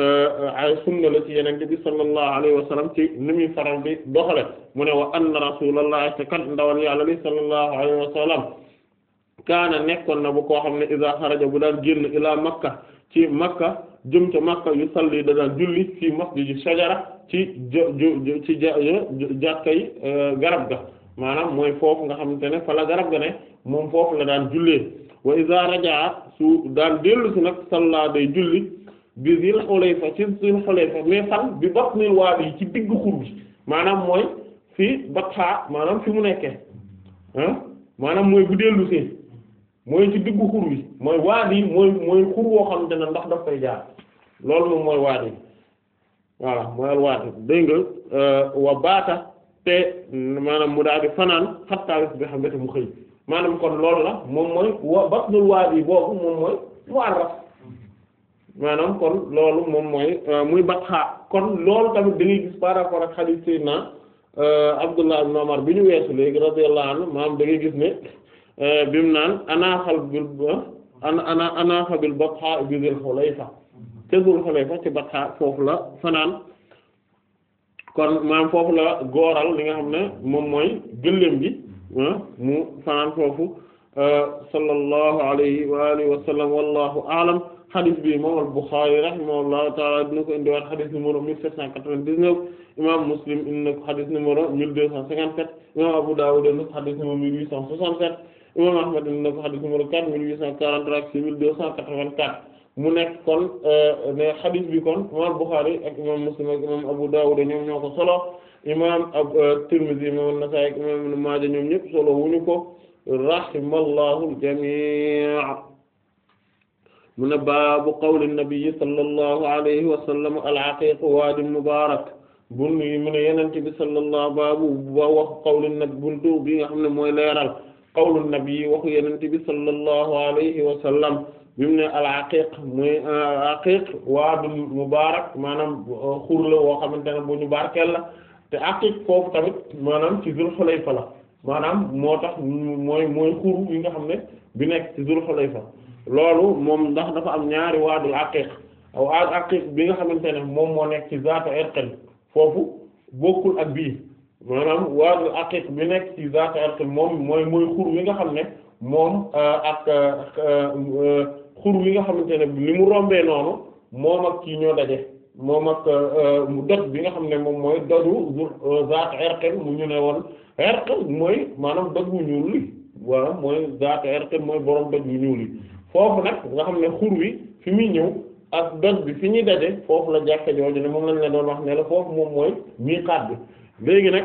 B: euh, ay sunna la ci yenente bi sallallahu alayhi wa sallam ci ni muy faral bi doxale mu ne wa anna rasulullah te kat ndawal yàlla li sallallahu alayhi wa kaana nekkoon na bu koo xam ne iza xaraja bu daan génn ilaa makka ci makka jëm ca makka yu salli da daan julli fi masjidi sajara ci j ci jàkkay euh, garab ga maanaam mooy foofu nga xamante ne fa la garab ga moom foofu la daan jullee wa iza su daan dellu si nag salla day julli bi zil xulayfa ci zil xulayfa mais fan bi batnil waadi yi ci digg xur bi maanaam mooy fi batxaa maanaam fi mu nekkee ah maanaam mooy bu dellusi mooy ci diggu xur wi mooy waadi mooy mooy xur woo xamante ne ndox daf koy jaar loolu moom mooy waadi voilà mooy al waadi dégg nga euh, wa baata te maanaam mu daal di fanaan xattaa bi xam mbéta mu xëy maanaam kon loolu la moom mooy wa batnul waadi kon loolu euh, muy batxaa kon loolu tamit da ngay gis par ak xadiis Seydina euh, Abdullah ibn Umar bi ñu weesu léegi radiyallahu anhu maanaam da gis ne Euh, bi mu naan anaaxal bil ana ana anaaxabil batxa bi Zul Xulayfa te Zul Xulayfa ci batxa foofu la fanaan kon maam foofu la gooral li nga xam ne moom mooy gëléem gi mu fanaan foofu euh, sallallahu alayhi wa alihi wa sallam wallahu a'lam hadith bi imam al-Bukhari rahimahullahu ta'ala dina ko indiwaat hadith numéro 1799 imam Muslim indi na ko hadith numéro 1257 imam Abu Dawud indi na ko hadith numéro 1867 imam Ahmad na ko xadis numéro quatre mille huit cent quarante-trois ak six mille deux mu nekk kon euh, ne xadis bi kon imam Bukhari ak imam ak imam Abu Dawud ñoom ñoo ko solo imam euh, Tirmidhi imam An-Nasa'i ak imam Ibn Maaja ñoom ñëpp solo wuñu ko rahimallahu al-jamii' mu ne baabu qawli nabi sallallahu alayhi wa sallam al mubaarak bun ne yenente bi sallallahu baabu ba qawli nabi buntu xam ne mooy leeral qawlu nabi waxu yenente bi sallallahu alayhi wa sallam bimu ne al aqiq muy euh, aqiq waadul mubaarak maanaam euh, xur la woo xamante ne bu ñu barkeel la te aqiq foofu tamit maanaam ci Zul Xulayfa la maanaam moo tax mooy mooy xur yi nga xam ne bi nekk ci Zul Xulayfa loolu moom ndax dafa am ñaari waadul aqiq aw aqiq bi nga xamante ne moom moo nekk ci zaatu Irqil foofu bokkul ak bii maanaam waadul aqiq bi nekk ci zaat arq moom mooy mooy xur wi nga xam ne moom euh, ak euh, xur wi nga xamante ne li mu rombee noonu kii ñoo daje moom ak euh, mu doj bi nga xam ne moom mooy doju zaat arq mu ñu ne woon arq mooy maanaam doj wu ñuul li waaw mooy zaat arq mooy borom doj wu ñuul li foofu nag nga xam ne xur wi fi muy ñëw ak doj bi fi ñuy daje foofu la jàkka jooju ne moom lañ leen doon wax ne la foofu moom mooy miiqaat bi léegi nag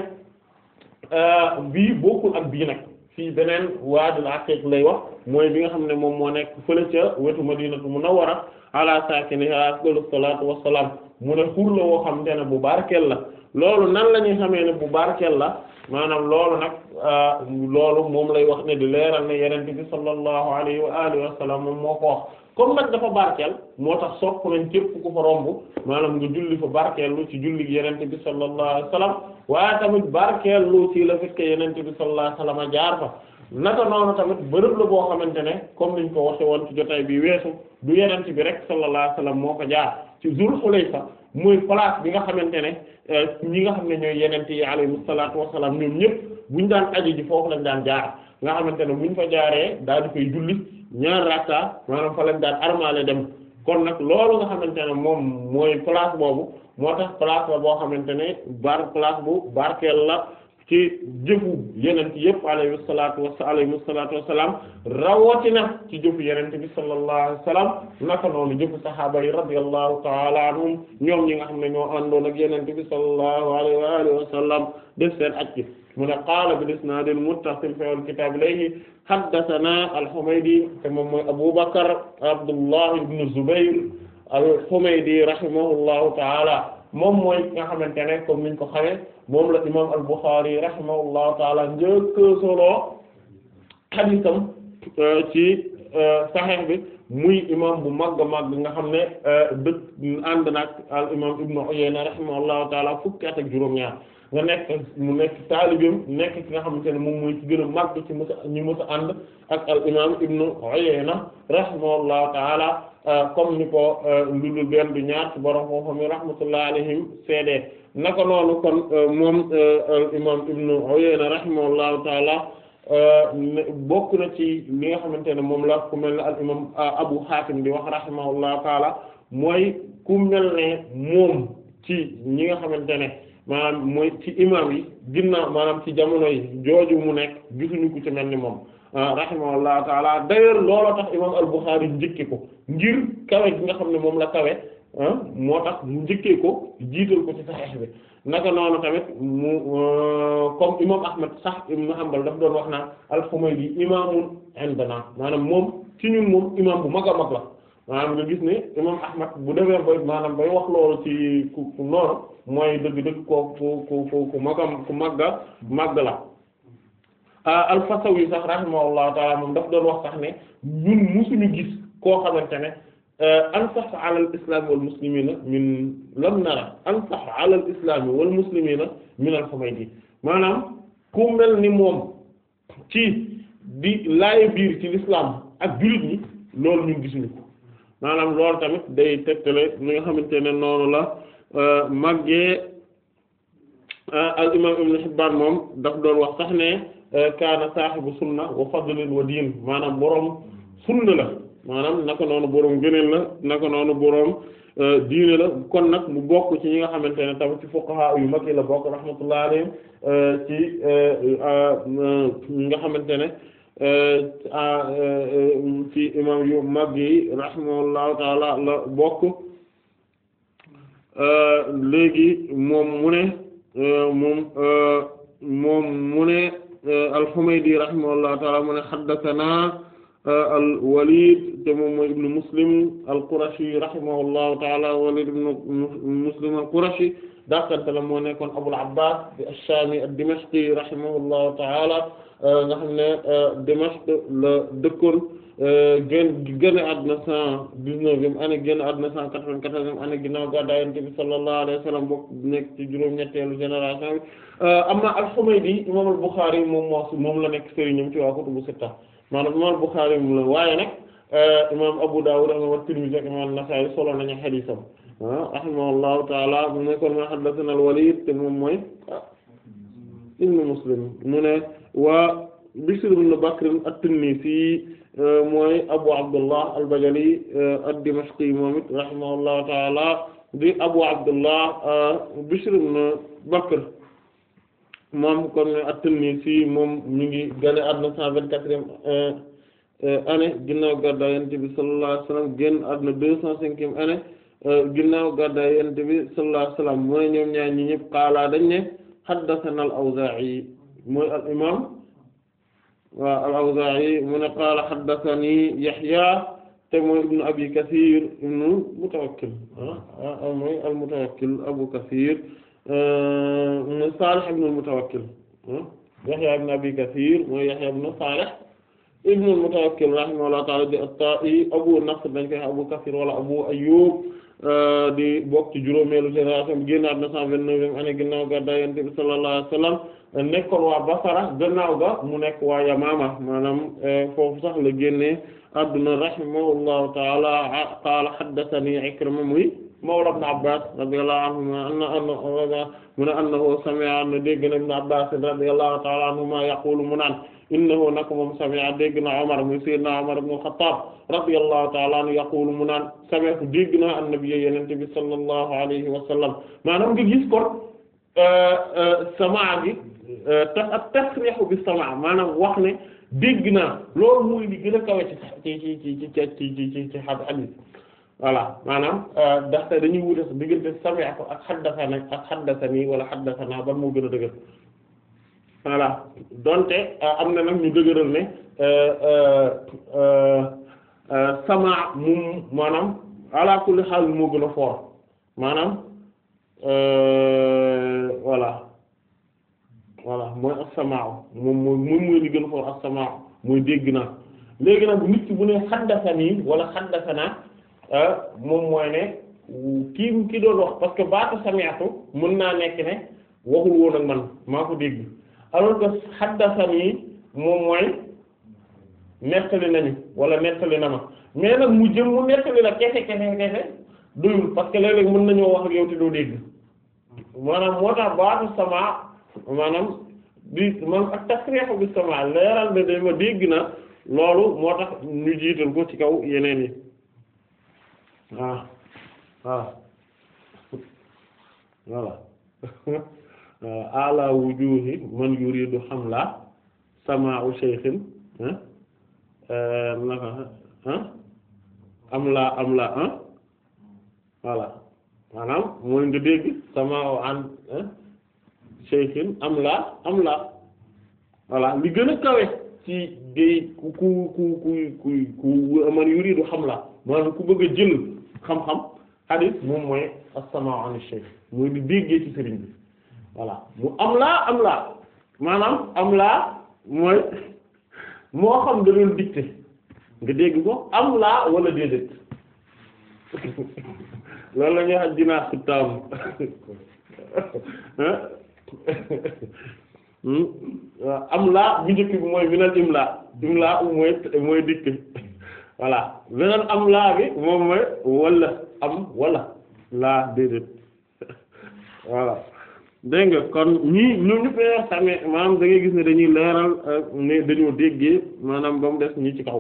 B: euh, bii bokkul ak bii nag fii beneen waa waadul aqiq lay wax mooy bi nga xam ne moom moo nekk fële ca wetu madinatu munawwara ala saakinihaa afdalu salaatu wassalaam mu ne xur la woo xam te ne bu baar kel la loolu nan la ñuy xamee ne bu kel la maanaam loolu nag euh, loolu moom lay wax ne di leeral ne yenente bi sallallahu alayhi wa alihi moom moo ko comme nag dafa barkeel moo tax sopp nañ képp ku fa romb maanaam nga julli fa barkeellu ci julli gi yenente bi sallallahu alayhi wasallam waaye tamit barkeellu ci la fekk yenente bi sallallahu alayhi jaar fa naka noonu tamit bërëb la boo xamante ne comme niñ ko waxee woon ci jotaay bi weesu du yenente bi rek sallallahu alayhi wasallam moo fa jaar ci jur Zul Xulayfa muy place bi nga xamante ne euh, ñi nga xam ne ñooy yenente yi alayhi salaatu wasallam ñoom ñëpp ñu daan ajo ji foofu lañ daan jaar nga xamante ne buñ fa jaaree daal di koy ñaar rakka maanaam fa lañ daan armaale dem kon nag loolu nga xamante ne moom mooy place boobu moo tax place la boo xamante ne bar bu barkeel la ci jëfu yenent yëpp alayhi salaatu wa alayhi salaatu wasalaam rawatina ci jëfu yenent bi sallallahu alayhi wasallam naka noonu jëfu sahaaba yi radiyallahu ñoom ñi nga xam ne ñoo àndoon ak yenent bi sallallahu alayhi wa alihi wasallam def seen acci mu ne qaala bil isnaadil muttasil fil kitaab ilayhi haddasanaa al-Humaydi te moom mooy Abu Bakr Abdullah ibn Zubayr al-Humaydi rahimahullahu taala moom mooy nga xamante ne comme niñ ko xamee moom la imaam al-Bukhari rahimahullahu taala njëkk solo xadiisam euh, ci euh, Sahih bi. muy imam bu mag a mag nga xam ne euh, dëkk ànd nag al imam Ibn Uyayna rahimahullahu taala fukki at ak juróom-ñaar nga nekk mu nekk taalibeem nekk ki nga xamante ne moom mooy ci gën a mag ci mësa ñu mësa ànd ak al imam Ibn Uyayna rahimahullahu taala euh, comme ni ko euh, lu lu benn du ñaar ci borom koo xam ne rahmatullahi alayhim noonu kon moom al imam Ibn Uyayna rahimahullahu taala Euh, bokk na ci li nga xamante ne moom la ku mel ne al imam euh, Abu Hatim di wax rahimahullahu taala mooy ku mel ne moom ci ñi nga xamante ne maanaam mooy ci imam yi ginnaaw maanaam ci jamono yi jooju mu nekk gisuñu ku ci mel ni moom euh, rahimahullahu taala d'ailleurs looloo tax imam al Bukhari njëkke ko ngir kawe gi nga xam ne moom la kawe moo tax mu njëkkee ko jiital ko ci Sahih bi naka noonu tamit mu euh, comme imam Ahmad sax ibn Hanbal daf doon wax naan al-Humaydi imaamun maanaam moom ci ñun moom imam bu mag a la maanaam nga gis ne imam bu a ku mag a mag la euh, moom daf doon wax sax ne ñun musuñu gis koo xamante ne. ansax alal islam wal muslimina min lam nara ansax alal islam wal muslimina min al maanaam ku mel ni moom ci di laay biir ci l'islam ak jullit ñi loolu ñun gisuñu maanaam loolu tamit day tegtale li nga xamante ne noonu la euh, màggee euh, al imaam Ibn Hibbaan moom daf doon wax sax ne euh, kaana saahibu sunna wa fadlin wa diin maanaam boroom sunna la. maanaam naka noonu boroom gëneel la naka noonu boroom euh, diine la kon nag mu bokk ci ñi nga xamante ne tamit ci fuqaha yu mag yi la bokk rahmatullah alayhim euh, ci euh, ñi nga xamante ne ci imam yu mag yi rahimahullahu la bokk léegi moom mu ne moom moom mu ne al-Humaydi rahimahullahu mu ne haddathana al-Walid te moom mooy ibnu Muslim al-Qurashi rahimahullahu ta'ala Walid ibnu Muslim al-Qurashi daafkante la moo nekkoon Abul Abbas bi ash-Shami ad-Dimashqi rahimahullahu ta'ala nga xam ne Dimashq la dëkkoon gën gën a àdduna cent dix-neuvième année gën a àdduna cent quatre-vingt-quatorzième année ginnaaw gàddaay Yonent bi sallallahu alayhi wa sallam nekk ci juróom-ñetteelu génération bi amma al-Humaydi imam al-Bukhari moom moo moom la nekk sëriñam ci waa kutubu sitta maanaam imam Bukhari mu la waaye nag euh, imam Abu Dawud ak imam Tirmidhi ak imam Nasa'i solo nañu xadiisam ah, rahimahullahu taala mu ne kon ma haddathana al te moom mooy ibn Muslim mu ne waa Bishr ibn Bakr at euh, mooy Abu Abdullah al-Bajali euh, ad-Dimashqi moom it rahimahullahu taala di Abu Abdullah Bishr Bakr moom kon at-Tinnisi moom mi ngi gane àdduna cent vingt-quatrième euh, euh, année ginnaaw gàddaay Yonent bi sallallahu alayhi wasallam deux cent cinquième année euh, ginnaaw gàddaay Yonent bi sallallahu alayhi wasallam mooy ñoom ñaar ñi qaala dañ ne haddathana al-Awzaa'i mooy al imam waaw mu ne qaala haddathani Yahya te mooy ibnu Abi Kathir ibnu Mutawakkil ah, ah, mooy al Abu Kathir mooy Salih ibn al-Mutawakkil Yahya ibn Abi Kathir mooy ta'ala Abu Nasr dañ koy Abu Kathir wala Abu Ayyub di bokk ci juróomeelu génération bi génnaat na cent vingt-neuvième année ginnaaw gàddaay Yonent bi sallallahu alayhi wa sallam nekkoon ga mu nekk waa Yamaama maanaam euh, foofu sax la génnee adduna rahimahullahu ta'ala qaala haddathani Ikrima muy mawla ibn Abbas radiyallahu anhuma anna mu ne annahu sami'a na dégg na ibn Abbas radiyallahu ta'ala anhuma yaqulu mu naan innahu nak moom sami'a dégg na Umar mu sayyidina Umar ibn al-Khattab radiyallahu ta'ala anhu yaqulu mu naan sami'tu dégg na an-nabiy yonent bi sallallahu alayhi wa sallam maanaam nga gis kon samaa gi tasrihu bi samaa maanaam wax ne dégg naa loolu mooy li gën a kawe ci ci ci ci ci ci ci ci ci ci voilà maanaam euh, ndaxte dañuy wute sa diggante ak xaddasana ak xaddasani wala xaddasana ban moo gën a dëgër voilà donte euh, am na nag ñu dëgëral ne euh, sama moom maanaam ala kulli xaal moo gën a fort maanaam voilà voilà mooy ak sama moom mooy gën a fort ak sama mooy dégg naa léegi nag nit ki bu ne xaddasani wala xaddasana Ah, moom mooy ne kii ki doon wax parce que baatu sami'tu mën naa nekk ne waxul woon ak man maa ko dégg alors que haddathani moom mooy nettali nañu wala nettali na ma mais nag mu jëm mu nettali la kese kese kese doyul parce que léeg-léeg mën nañoo wax ak yow te doo dégg maanaam moo tax baatu sama maanaam di man ak tasriixu bi sama leeral de day ma dégg na loolu moo tax ñu jiital ko ci kaw yeneen yi ah ah voilà ala wujuhi man yuridu hamla sama'u shaykhin euh, naka amla amla ah voilà maanaam mooy nga dégg sama'u an shaykhin amla amla voilà li gën a kawe ci day ku ku ku ku ku man yuridu hamla maanaam ku bëgg jël. xam-xam xadis moom mooy as-samaa an mooy di déggee ci sëriñ bi voilà mu am laa am laa maanaam am laa mooy moo xam da doon dicté nga dégg ko am laa wala déedéet loolu la ñuy wax dinaa xittaam hmm? am laa bu njëkk bi mooy minal imla imla mooy mooy dicté voilà beneen am laa bi moom mooy wala am wala laa déedéet voilà dégg nga kon ñii ñoom ñu peer tamit maanaam da ngay gis ne dañuy leeral euh, ne dañoo déggee maanaam ba mu des ñi ci kaw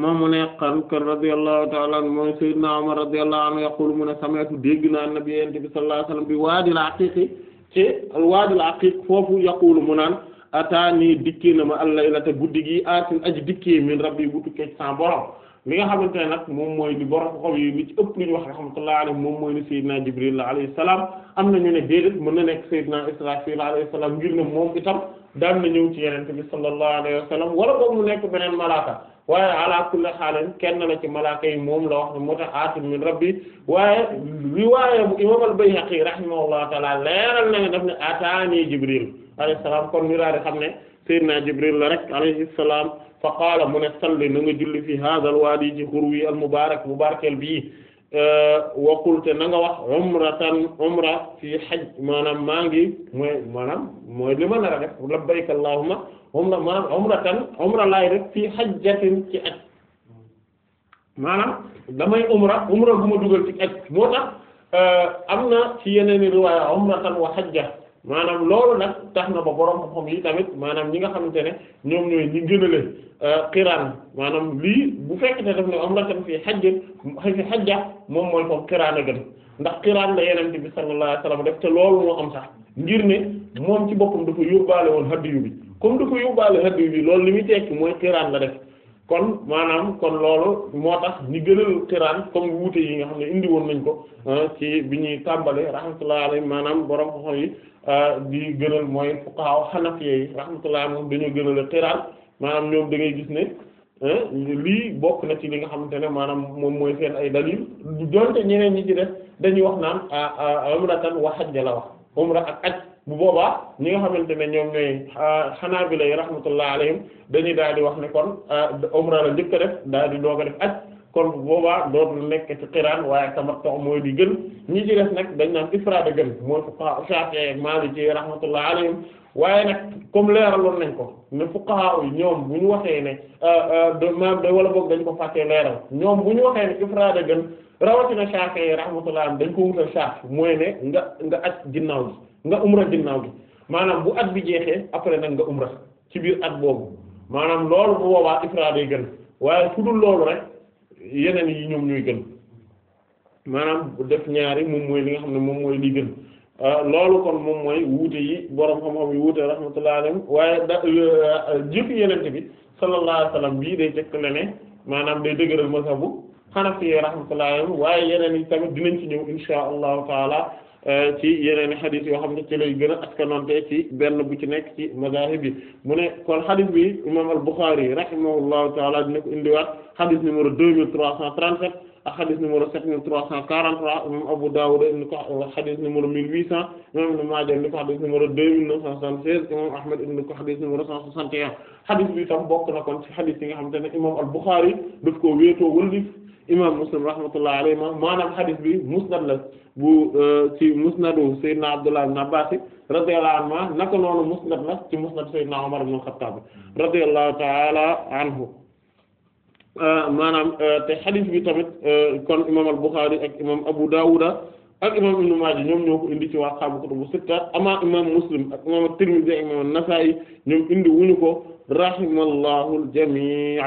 B: moom mu ne kan kon radiyallahu ta'ala anhu mooy sayyidna Umar radiyallahu anhu yaqulu mu ne sami'tu dégg naa nabi bi sallallahu alayhi wasallam bi waadil aqiiq ci al waadil aqiiq foofu yaqulu mu naan ataani dikkee na ma allaylata guddi gi aatin aji dikkee min rabbi bu tukkee ci sama borom li nga xamante ne nag moom mooy di borom xaw yi li ci ëpp li wax rahmatullahi alayhi moom mooy ne Seydina Jibril alayhi salaam am na ñu na nekk Seydina Israfil alayhi salaam ngir ne moom itam daan na ñëw ci yenente bi sallallahu alayhi wa sallam wala boog mu nekk beneen malaaka waaye ala kulli kenn la ci malaaka yi moom la wax ne moo tax aatin min rabbi waaye riwaaya bu imam al-Bayhaqi rahimahullahu ta'ala leeral na ne daf ne ataani Jibril alayhi salaam kon ñu daal di xam ne Seydina Jibril la rek alayhi salaam fa qaala mu ne salli na nga julli fi haazal waadi ci xur wi al mubaarak mubarakeel bii waqul te na nga wax umratan umra fii xaj maanaam maa ngi mooy maanaam mooy li ma nar a def labbayka allahumma umra maanaam umratan umra laay def fii xajjatin ci aj maanaam damay umra umra bu ma dugal ci aj moo tax am na ci yeneen i riwaaya umratan wa xajja maanaam loolu nag tax na ba borom xam-xam yi tamit maanaam ñi nga xamante ne ñoom ñooy ñi gënale xiraan euh, maanaam lii bu fekkte daf ne am na tam fi xajj fi xajja moom mooy foofu xiraan a gën ndax xiraan la yenente bi sallallahu alayhi wasallam def te loolu moo am sax ngir ne moom ci boppam dafa yóbbaale woon hadiyu bi comme dafa yóbbaale hadiyu bi loolu li muy tekki mooy xiraan la def kon maanaam kon loolu moo tax ñi gënal xiraan comme wuute yi nga xam ne indi woon nañ ko ah, ci bi ñuy tàmbale rahmatullahi alayhi maanaam borom xam yi ah, di gënal mooy fuqaha hanafiyya yi rahmatullahi moom dañoo gënal xiraan maanaam ñoom da ngay gis ne ah, lii bokk na ci li nga xamante ne maanaam moom mooy seen ay dalil donte ñeneen ñi ci def dañuy wax naan umratan wa hajj la wax umra ak aj bu boobaa ñi nga xamante ne ñoom ñooy ah, bi yi rahmatullah alayhim dañuy daal di wax ne kon ah, umra la njëkk a def daal di doog a def aj kon bu boobaa dootul nekk ci xiraan waaye tamattu mooy di gën ñi ci def nag dañ naan ifraada gën mooy fuqaha Shafi'i ak Maliki rahmatullah alayhim waaye nag comme leeraloon nañ ko ne fuqaha yi ñoom bu ñu waxee ne ah, maam da wala boog dañ ko fàttee leeral ñoom bu ñu waxee ne ifraada gën rawatina Shafi'i rahmatullah dañ ko wutal shaaf mooy ne nga nga aj ginnaaw gi nga umra ginnaaw gi maanaam bu at bi jeexee après nag nga umra ci biir at boobu maanaam loolu bu boobaa ifraad gën waaye su dul loolu rek yeneen yi ñoom ñuy gën maanaam def ñaari moom mooy li nga xam ne moom mooy li gën ah, loolu kon moom mooy wuute yi borom xam-xam yi wuute rahmatullahi alayhim waaye da euh, jëf yenente bi sallallahu alayhi wasallam bii day tegk le ne maanaam day dëgëral mazhabu Hanafi rahmatullahi alayhim waaye yeneen yi tamit dinañ ci yeneen i xadis yoo xam ne ci lay gën a askanonte ci benn bu ci nekk ci mazahib yi mu ne kon xadis bi imam al-Bukhari rahimahullahu taala dina ko indiwaat xadis numéro deux mille trois cent trente-sept ak xadis numéro sept mille trois cent quarante-trois imam Abu Dawud indi ko xadis numéro mille huit cent imam Ibn Maaja indi xadis numéro deux mille neuf cent seize imam Ahmad indi ko xadis numéro cent soixante un xadis bi tam bokk na kon xadis yi nga xam te ne imam al-Bukhari daf imam muslim rahmatullahi alayhi maanaam xadis bi musnad bu euh, ci musnadu sayyidina abdullah ibn abbas radiyallahu anhu naka noonu musnad la ci musnad sayyidina umar ibn al-khattab radiyallahu anhu euh, euh, te xadis bi tamit kon imam al-bukhari ak imam abu dawuda ak imam ibn Maaja ñoom ñoo indi ci waa xaabu kutubu sitta amaa imam muslim ak imam at-Tirmidhi imam an-Nasaa'i ñoom indi wuñu ko rahimallahu al-jamii'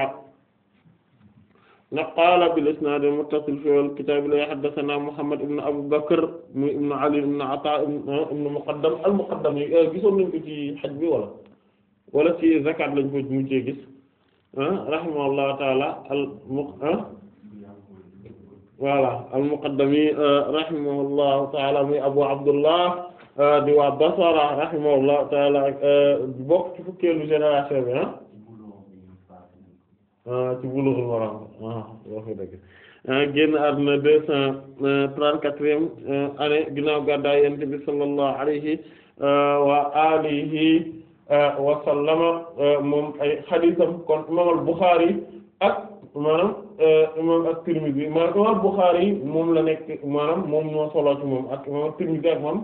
B: na qaala bil isnaad al muttasil fil kitaab la haddasanaa Muhammad ibn Abu Bakr muy ibn Ali ibn Ataa ibn Muqaddam al Muqaddami euh, gisoon nañ ko ci xaj bi wala wala ci zakat lañ ko mujjee gis ah, rahimahullahu taala al mu ah, voilà al Muqaddami euh, rahimahullahu taala muy Abu Abdullah euh, di waa Basra rahimahullahu taala bokk ci fukkeelu génération bi ah. Ah, ci Bulughul Maram waaw ah, wax dëgg ah, génn àdduna deux cent trente-quatrième année ginnaaw gàddaay Yonent bi sallallahu alayhi wa alihi wa sallama moom ay xadiisam kon imaam al-Bukhari ak maanaam imaam at-Tirmidhi maanaam imaam al-Bukhari moom la nekk maanaam moom ñoo solo ci moom ak imaam at-Tirmidhi ak moom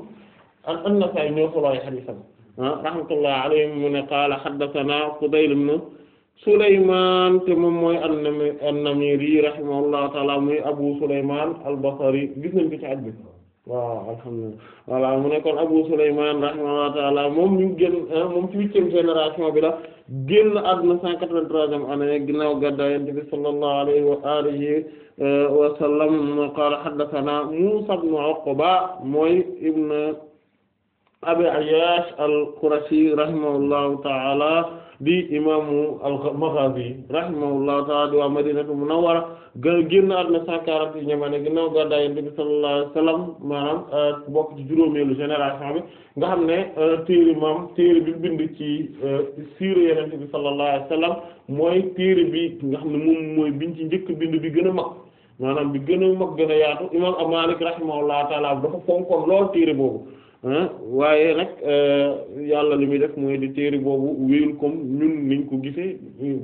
B: ak an-Nasa'i ñoo solo ay xadiisam rahmatullah alayhim mu ne qaala haddathana Fudayl ibn Sulaymaan te moom mooy an-Namiri rahimahullahu taala muy Abu Sulaymaan al-Basri gis nañ ko ci at bi waaw alhamdulillah voilà mu nekkoon Abu Sulaymaan rahimahullahu taala moom ñu génn ah, moom ci huitième génération bi la génn àdduna cent quatre-vingt-troisième année ginnaaw gàddaay Yonent bi sallallahu alayhi wa alihi eh, wa sallam qaala haddathanaa Muusaa ibn Uqba mooy ibn Abi Ayyaash al-Qurashi rahimahullahu ta'ala di imaamu al-Maghazi rahimahullahu ta'ala di waa Madinatu Munawwara génn àdduna cent quarante-neuvième année ginnaaw gàddaay Yonent bi sallallahu alayhi wa sallam maanaam euh, bokk ci juróomeelu génération bi nga xam ne euh, téere maam téere bi bind ci euh, siira Yonent bi sallallahu alayhi mooy téere bi nga xam ne moom mooy biñ ci njëkk bind bi gën a mag maanaam bi gën a mag gën a yaatu imaam Maalik rahimahullahu ta'ala dafa fonkoon lool téere boobu waaye nag euh, yàlla lu muy def mooy di téere boobu wéyul comme ñun niñ ko gisee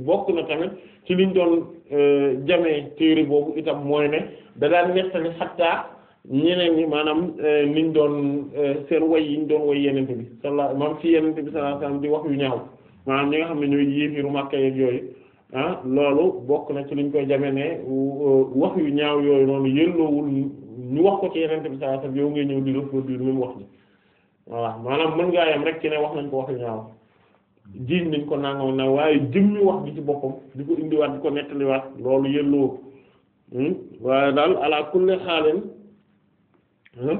B: bokk na tamit ci liñ doon euh, jamee téere boobu itam mooy ne da daan nettali xattaa ñeneen ñi maanaam euh, niñ doon seen way yiñ doon way yenente bi sallallahu maam fi yenente bi sallallahu alayhi wasallam di wax yu ñaaw maanaam ñi nga xam ne ñooy yéefiru Makka yeeg yooyu ah loolu bokk na ci luñ koy jamee ne wax yu ñaaw yooyu noonu yelloowul ñu wax ko ci yenente bi sallallahu alayhi wasallam yow ngay ñëw di reproduire même wax ji voilà maanaam mën ngaa yem rek ci ne wax nañ ko waxi ñaaw jiiñ nañ ko nangam na waaye jëmmi wax gi ci boppam di ko indiwaat di ko nettaliwaat loolu yelloo hmm? waaye daal ala kulli xaalin hmm?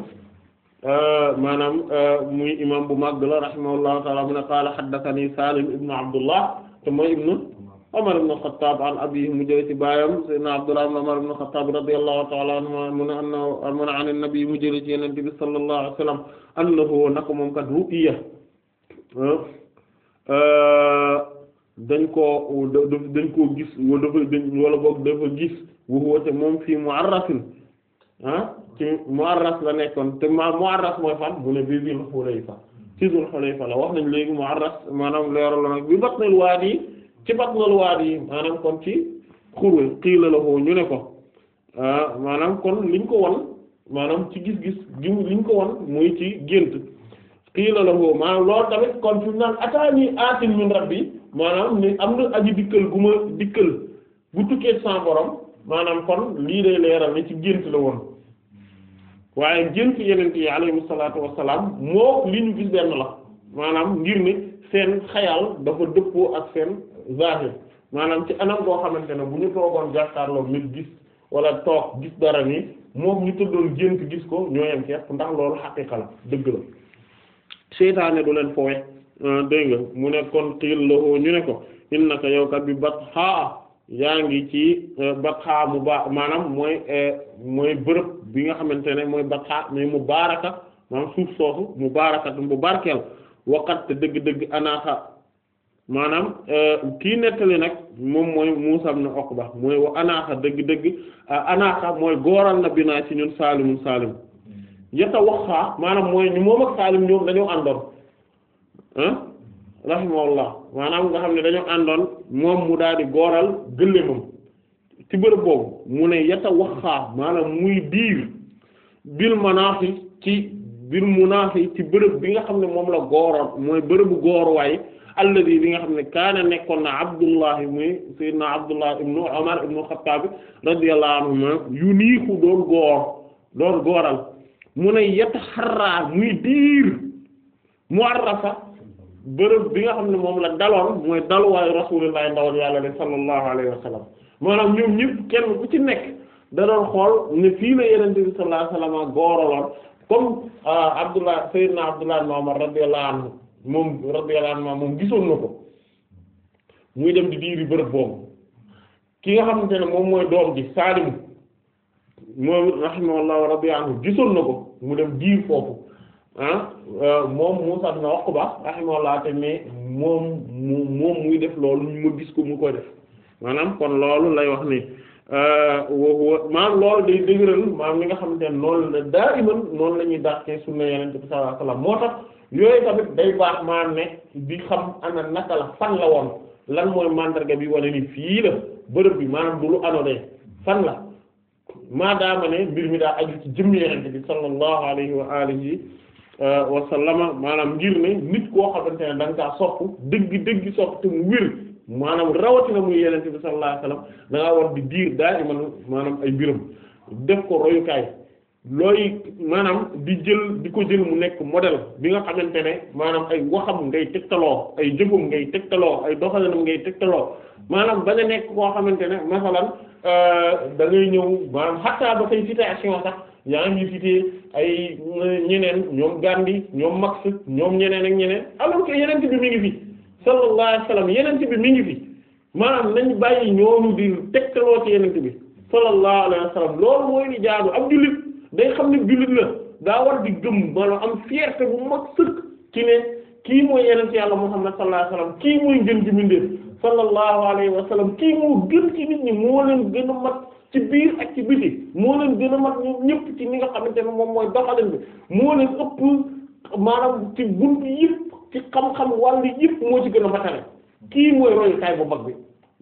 B: euh, maanaam euh, muy imam bu màgg la rahimahullahu taala mu ne qaala haddathani Salim ibnu Abdullah te mooy ibnu Umar ibn al-Khattab an abihi mu jëlee ci baayam sayyidina Abdullah ibn Umar ibn al-Khattab radiyallahu ta'ala anhu mu ne anna mu ne an an-nabi mu jëlee ci Yonent bi sallallahu alayhi wa sallam annahu naka moom kat ru'ya ah, ah, dañ koo dañ koo gis wala dafa wala boog dafa gis bu woote moom fii mu'arrafin ah ci mu'arraf la nekkoon te ma mu'arraf mooy fan mu ne bii Dul Xulayfa ci Dul Xulayfa la wax nañ léegi mu'arraf maanaam leeral la nag bi batnul waadi ci batnal waadi yi maanaam kon ci xurwe xiila la foofu ñu ne ko ah, maanaam kon liñ ko wan maanaam ci gis-gis jum liñ ko won muy ci gént xiila la foofu maanaam loolu tamit kon fi mu naan ataani aatin min rabbi maanaam ni am na aji dikkal gu ma dikkal bu tukkee sans borom maanaam kon lii day leeral ne ci gént la woon waaye gént yeneen yi alayhimu salaatu wassalaam moo li ñu gis benn la maanaam ngir ne seen xayal dafa dëppoo ak seen zahir maanaam ci anam boo xamante ne bu ñu toogoon jàkkaarloo nit gis wala toog gis dara ni moo ñu tëddoon gént gis ko ñoo yem ci ndax loolu xaqiqa la dëgg la seytaane du leen foowe ah, dégg nga mu ne kon xiil lawoo ñu ne ko innaka yow kat bi bat xaa yaa ngi ci eh, bat xaa mu baax maanaam mooy eh, mooy bërëb bi nga xamante ne mooy bat xaa mu baaraka maanaam suuf soosu mu baaraka bu barkeel waqat te dëgg-dëgg anaaxa maanaam euh, kii nettali nag moom mooy Muusaa ibn ba mooy wa anaaxa dëgg-dëgg euh, anaaxa mooy góoral na binaa ci ñun saalimun saalim yata waxaa maanaam mooy moom ak saalim ñoom dañoo àndoon ah rahimahullah maanaam nga xam ne dañoo àndoon moom mu daal di góoral gëléemam ci bërëb boobu mu ne yata waxaa maanaam muy diir bil manaafi ci bil munaafi ci bërëb bi nga xam ne moom la góoroon mooy bërëbu góoruwaay alladi bi nga xam ne kaana nekkoon na Abdullahi muy sayyidina Abdullahi ibnu Umar ibnu Xattaab radiyallahu anhuma yu niixu doon goor doon gooral mu ne yataxarraa muy diir mu'arrafa bërëb bi nga xam ne moom la daloon mooy daluwaayu rasuulullahi ndawal yàlla ne sallallahu alayhi wa maanaam ñoom ñëpp kenn ku ci nekk da xool ne fii la yenente bi sallallahu alayhi wa sallam gooraloon comme ah, Abdullah sayyidina Abdullah ibn Umar radiyallahu anhu moom radiyallahu anhu moom gisoon na ko muy dem di diiri bërëb boobu ki nga xamante ne moom mooy doom ji Salim moom rahimahullahu radiyallahu anhu gisoon na ko mu dem diir foofu ah euh, moom Musa dina wax ko baax rahimahullahu te mais moom mu moom muy def loolu ñu ma gis ko mu koy maanaam kon loolu lay wax ni euh, maanaam loolu day dëgëral maanaam li nga xamante ne noonu la daa iman la ñuy dàqee sunna moo tax yooyu tamit day baax maanaam ne di xam ana naka la fan la woon lan mooy màndarga bi wane ni fii la bërëb bi maanaam bu lu anodee fan la maadaama ne mbir mi daa aju ci jëmm Yonent bi sallallahu alayhi wa uh, maanaam ngir ne nit koo xamante ne da nga kaa sopp dëgg dëgg sopp te mu wér maanaam rawatina muy Yonent bi sallallahu alayhi wa war di diir daa iman maanaam ay mbiram def ko royukaay looy maanaam di jël di ko jël mu nekk modèle bi nga xamante ne maanaam ay waxam ngay tegtaloo ay jëfam ngay tegtaloo ay doxalinam ngay tegtaloo maanaam ba nga nekk koo xamante ne masalan euh, da ngay ñëw maanaam xataa ba say citation sax yaa ngi cité ay ñeneen ñoom Gandhi ñoom Marx ñoom ñeneen ak ñeneen alors que yeneen bi mi ngi fi sallallahu alayhi wasallam yeneen bi mi ngi fi maanaam nañ bàyyi ñoonu di tegtaloo ci yeneen bi sallallahu alayhi wasallam loolu mooy li day xam ne jullit la daa war di gëm maanaam am fierté bu mag sëkk ci ne kii mooy yeneen ci yàlla Muhammad sallallahu alayhi wa sallam kii mooy gën ci mbindeef sallallahu alayhi wa kii moo gën ci nit ñi moo leen gën a mat ci biir ak ci biti moo leen gën a mat ñoom ñëpp ci ñi nga xam ne moom mooy doxalin bi moo leen ëpp maanaam ci bunt yëpp ci xam-xam wàll yëpp moo ci gën a matale kii mooy royukaay bu mag bi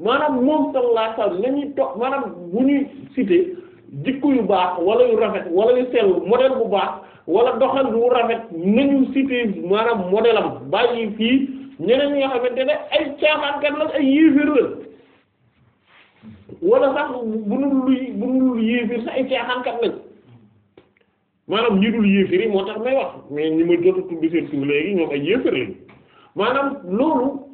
B: maanaam moom sallallahu alayhi wa sallam nañuy toog maanaam bu ñuy cité jikko yu baax wala yu rafet wala yu sell model bu baax wala doxal bu rafet nañu cité maanaam modelam am bàyyi fii ñeneen ñi nga xamante ne ay caaxaankat la ay yéeféer la wala sax bu nu luy bu nu lu yéeféer sax ay caaxaankat lañ maanaam ñi dul yéeféer yi moo tax may wax mais ñi ma jot a tudd seen léegi ñoo ay yéeféer lañ maanaam loolu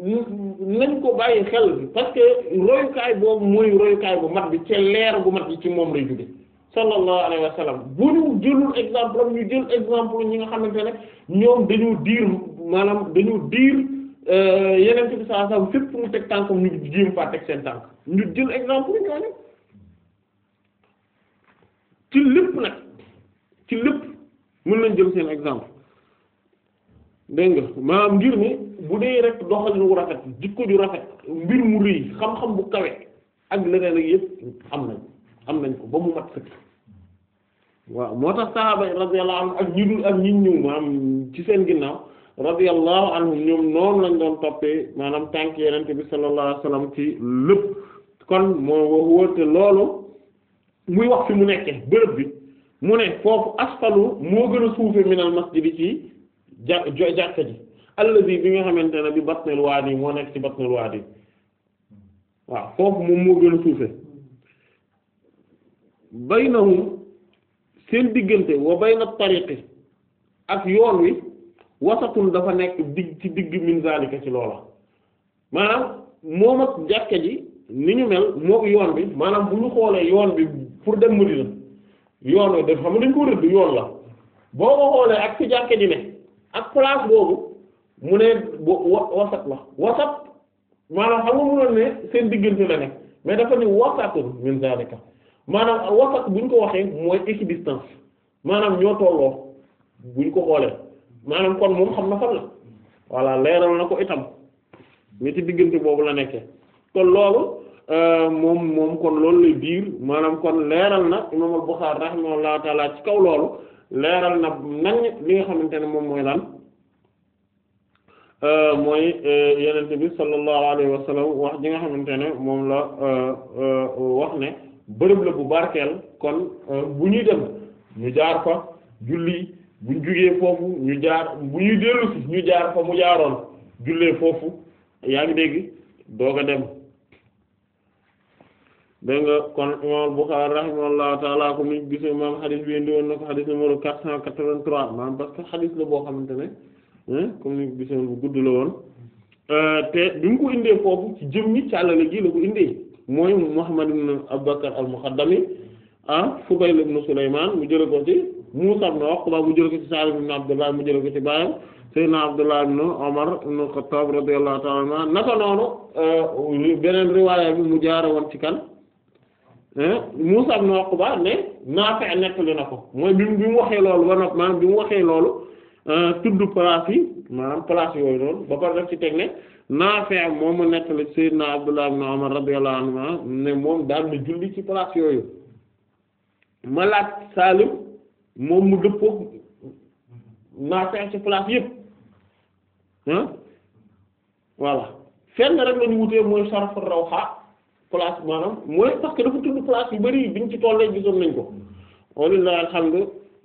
B: nañ ko bàyyi xel parce que royukaay boobu mooy royukaay bu mat bi ci leer bu mat bi ci moom lay jóge sallallahu alayhi wa sallam bu ñu jëlul exemple ñu jël exemple ñi nga xamante ne ñoom dañu diir maanaam dañu diir euh, yeneen bi saa saa fépp mu teg tànkam ñu jéem faa ñu jël exemple ñooñu ci lépp nag ci lépp mën nañ jël seen exemple dégg nga maanaam ngir ne bu dee rek doxalin rafet jikko ju rafet mbir mu rëy xam-xam bu kawe ak leneen ak yëpp am nañ ko ba mu mat sëkk waaw moo tax sahaaba yi radiyallahu anhum ak ñi dul ak ñi ñëw maanaam ci seen ginnaaw la anhum ñoom noonu lañ doon toppee maanaam tànk yenente bi sallallahu alayhi wasallam ci lépp kon moo wax wóorte loolu muy wax fi mu nekke bërëb bi mu ne foofu asfalu moo gën a suufe minal masjid ci ja jàkka ji allazi bi nga xamante ne bi batnil waadi moo nekk ci waa waadi waaw foofu moom moo gën a suufe baynahum seen diggante wa bayna tariqi ak yoon wi wasatun dafa nekk digg ci digg min zalika ci loola maanaam moom ak jàkka ji ni ñu mel moo yoon bi maanaam bu ñu xoolee yoon bi pour dem Madina yoon wi dafa xam ne dañ ko rëdd yoon la boo ko xoolee ak ci jàkka ji ne ak place boobu mu ne wasat la wasat maanaam xam nga mënoon ne seen diggante la nekk mais dafa ni wasatun min zalika maanaam wasat buñ ko waxee mooy équidistance maanaam ñoo tolloo buñ ko xoolee maanaam kon moom xam la voilà leeral na ko itam mais ci diggante boobu la nekkee kon loolu euh, moom moom kon loolu lay maanaam kon leeral na imam al-Bukhari rahimahullahu ci kaw loolu leeral na nañ li nga xamante ne moom mooy lan euh, mooy euh, yenente bi sallallahu alayhi wa sallam wax ji nga xamante ne moom la euh, wax ne bërëb la bu barkeel kon bu ñuy dem ñu jaar fa julli bu ñu jugee foofu ñu jaar bu ñuy dellu ñu jaar fa mu jaaroon jullee foofu yaa ngi dégg doog dem dégg nga kon imam Bukhari rahimahullahu taala ko mi gis maam xadis bi indi woon na ko xadis numéro quatre cent quatre-vingt-trois maanaam parce que la boo xamante ne comme ni ko gisoon bu gudd la woon euh, te bi mu ko indee foofu ci jëmmi càllale gi la ko indee mooy Muhammad ibn Abubakar al-Muqaddami ah Fubayl ibn Sulaymaan mu jële ko ci Muusaa ibn Uqba mu jële ko ci Saalim ibn Abdullah mu jële ko ci baayam Seydina Abdullah ibn Umar ibn Xattaab radiyallahu ta'ala anhu naka noonu euh, beneen riwaaya bi mu jaare woon ci kan Muusaa ibn Uqba ne Naafi' nettali na ko mooy bi mu bi mu waxee loolu ba noppi maanaam bi mu waxee loolu euh, tudd place yi maanaam place yooyu noonu ba pare def ci teg ne Naafi' moom mu nettali Seydina Abdullah ibn Umar radiyallahu anhu ne moom daal na julli ci place yooyu ma laaj Saalim moom mu dëppoo Naafi' ci place yëpp ah voilà fenn rek la wutee mooy sarfu rawha place maanaam mooy parce que dafa tudd place yu bari biñ ci tollee gisoon nañ ko walillahi alhamdu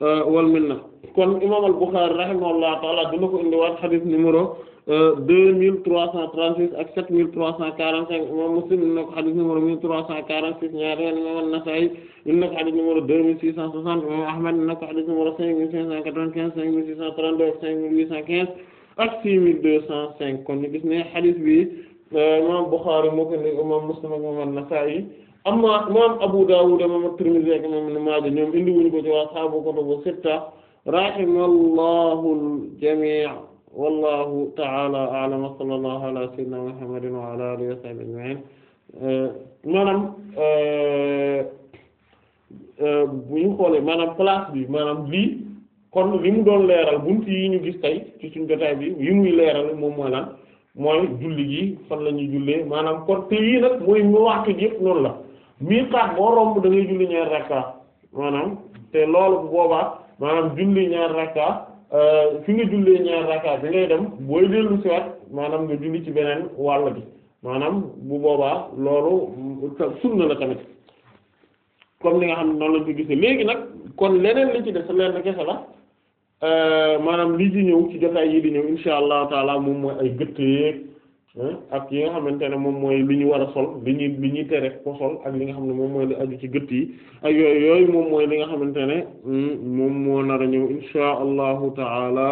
B: euh, wal minna kon imam al-Bukhari rahimahullahu taala dina ko indiwaat hadith numéro euh, deux mille trois cent trente-six ak sept mille trois cent quarante-cinq imam Muslim indi na ko hadith numéro mille trois cent quarante-six ñaari yoon imam an-Nasa'i indi na ko hadith numéro deux mille six cent soixante imam Ahmad indi na ko hadith numéro cinq mille cinq cent quatre vingt bi Euh, imaam Bukhari moo ko indi imaam Muslim ak imaam Abu Dawud imaam At-Tirmidhi ak imaam Ibn Maaja ñoom indi wuñu ko ci waa ashaabu kutubu sitta rahimallahu al wallahu ta'ala a'lam wa sallallahu ala sayyidina wa ala wa sahbihi ajma'in euh, maanaam euh, bu ñu xoolee maanaam place bi maanaam lii kon li mu doon leeral bunt yi ñu gis tey ci suñu jotaay bi yi muy leeral moom mooy mooy julli gi fan la ñuy jullee maanaam kon te yii nag mooy mawaqit yëpp noonu la miiqaat boo romb da ngay julli ñaari rakka maanaam te loolu bu boobaa maanaam julli ñaari rakka euh, fi nga jullee ñaari rakka bi ngay dem booy dellu si waat maanaam nga julli ci beneen wàll bi maanaam bu boobaa loolu sunna la tamit comme li nga xam ne noonu lañ ko gisee léegi nag kon leneen li ci def lenn kese la Euh, maanaam lii di ñëw ci jotaay yi di ñëw insha allahu taala moom mooy ay gëtt yeeg ak yi nga xamante ne moom mooy li ñu war a sol li ñuy li ñuy tere ko sol ak li nga xam ne moom mooy li aju ci gëtt yi ak yooyu moom mooy li nga xamante ne hmm, moom moo nar a ñëw insha allahu taala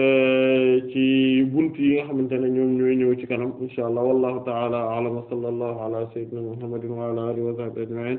B: euh, ci bunt yi nga xamante ne ñoom ñooy ñëw ci kanam insha allah wallahu taala a'lam wa sallallahu ala sayyidina muhammadin wa ala alihi wa sahbihi ajma'in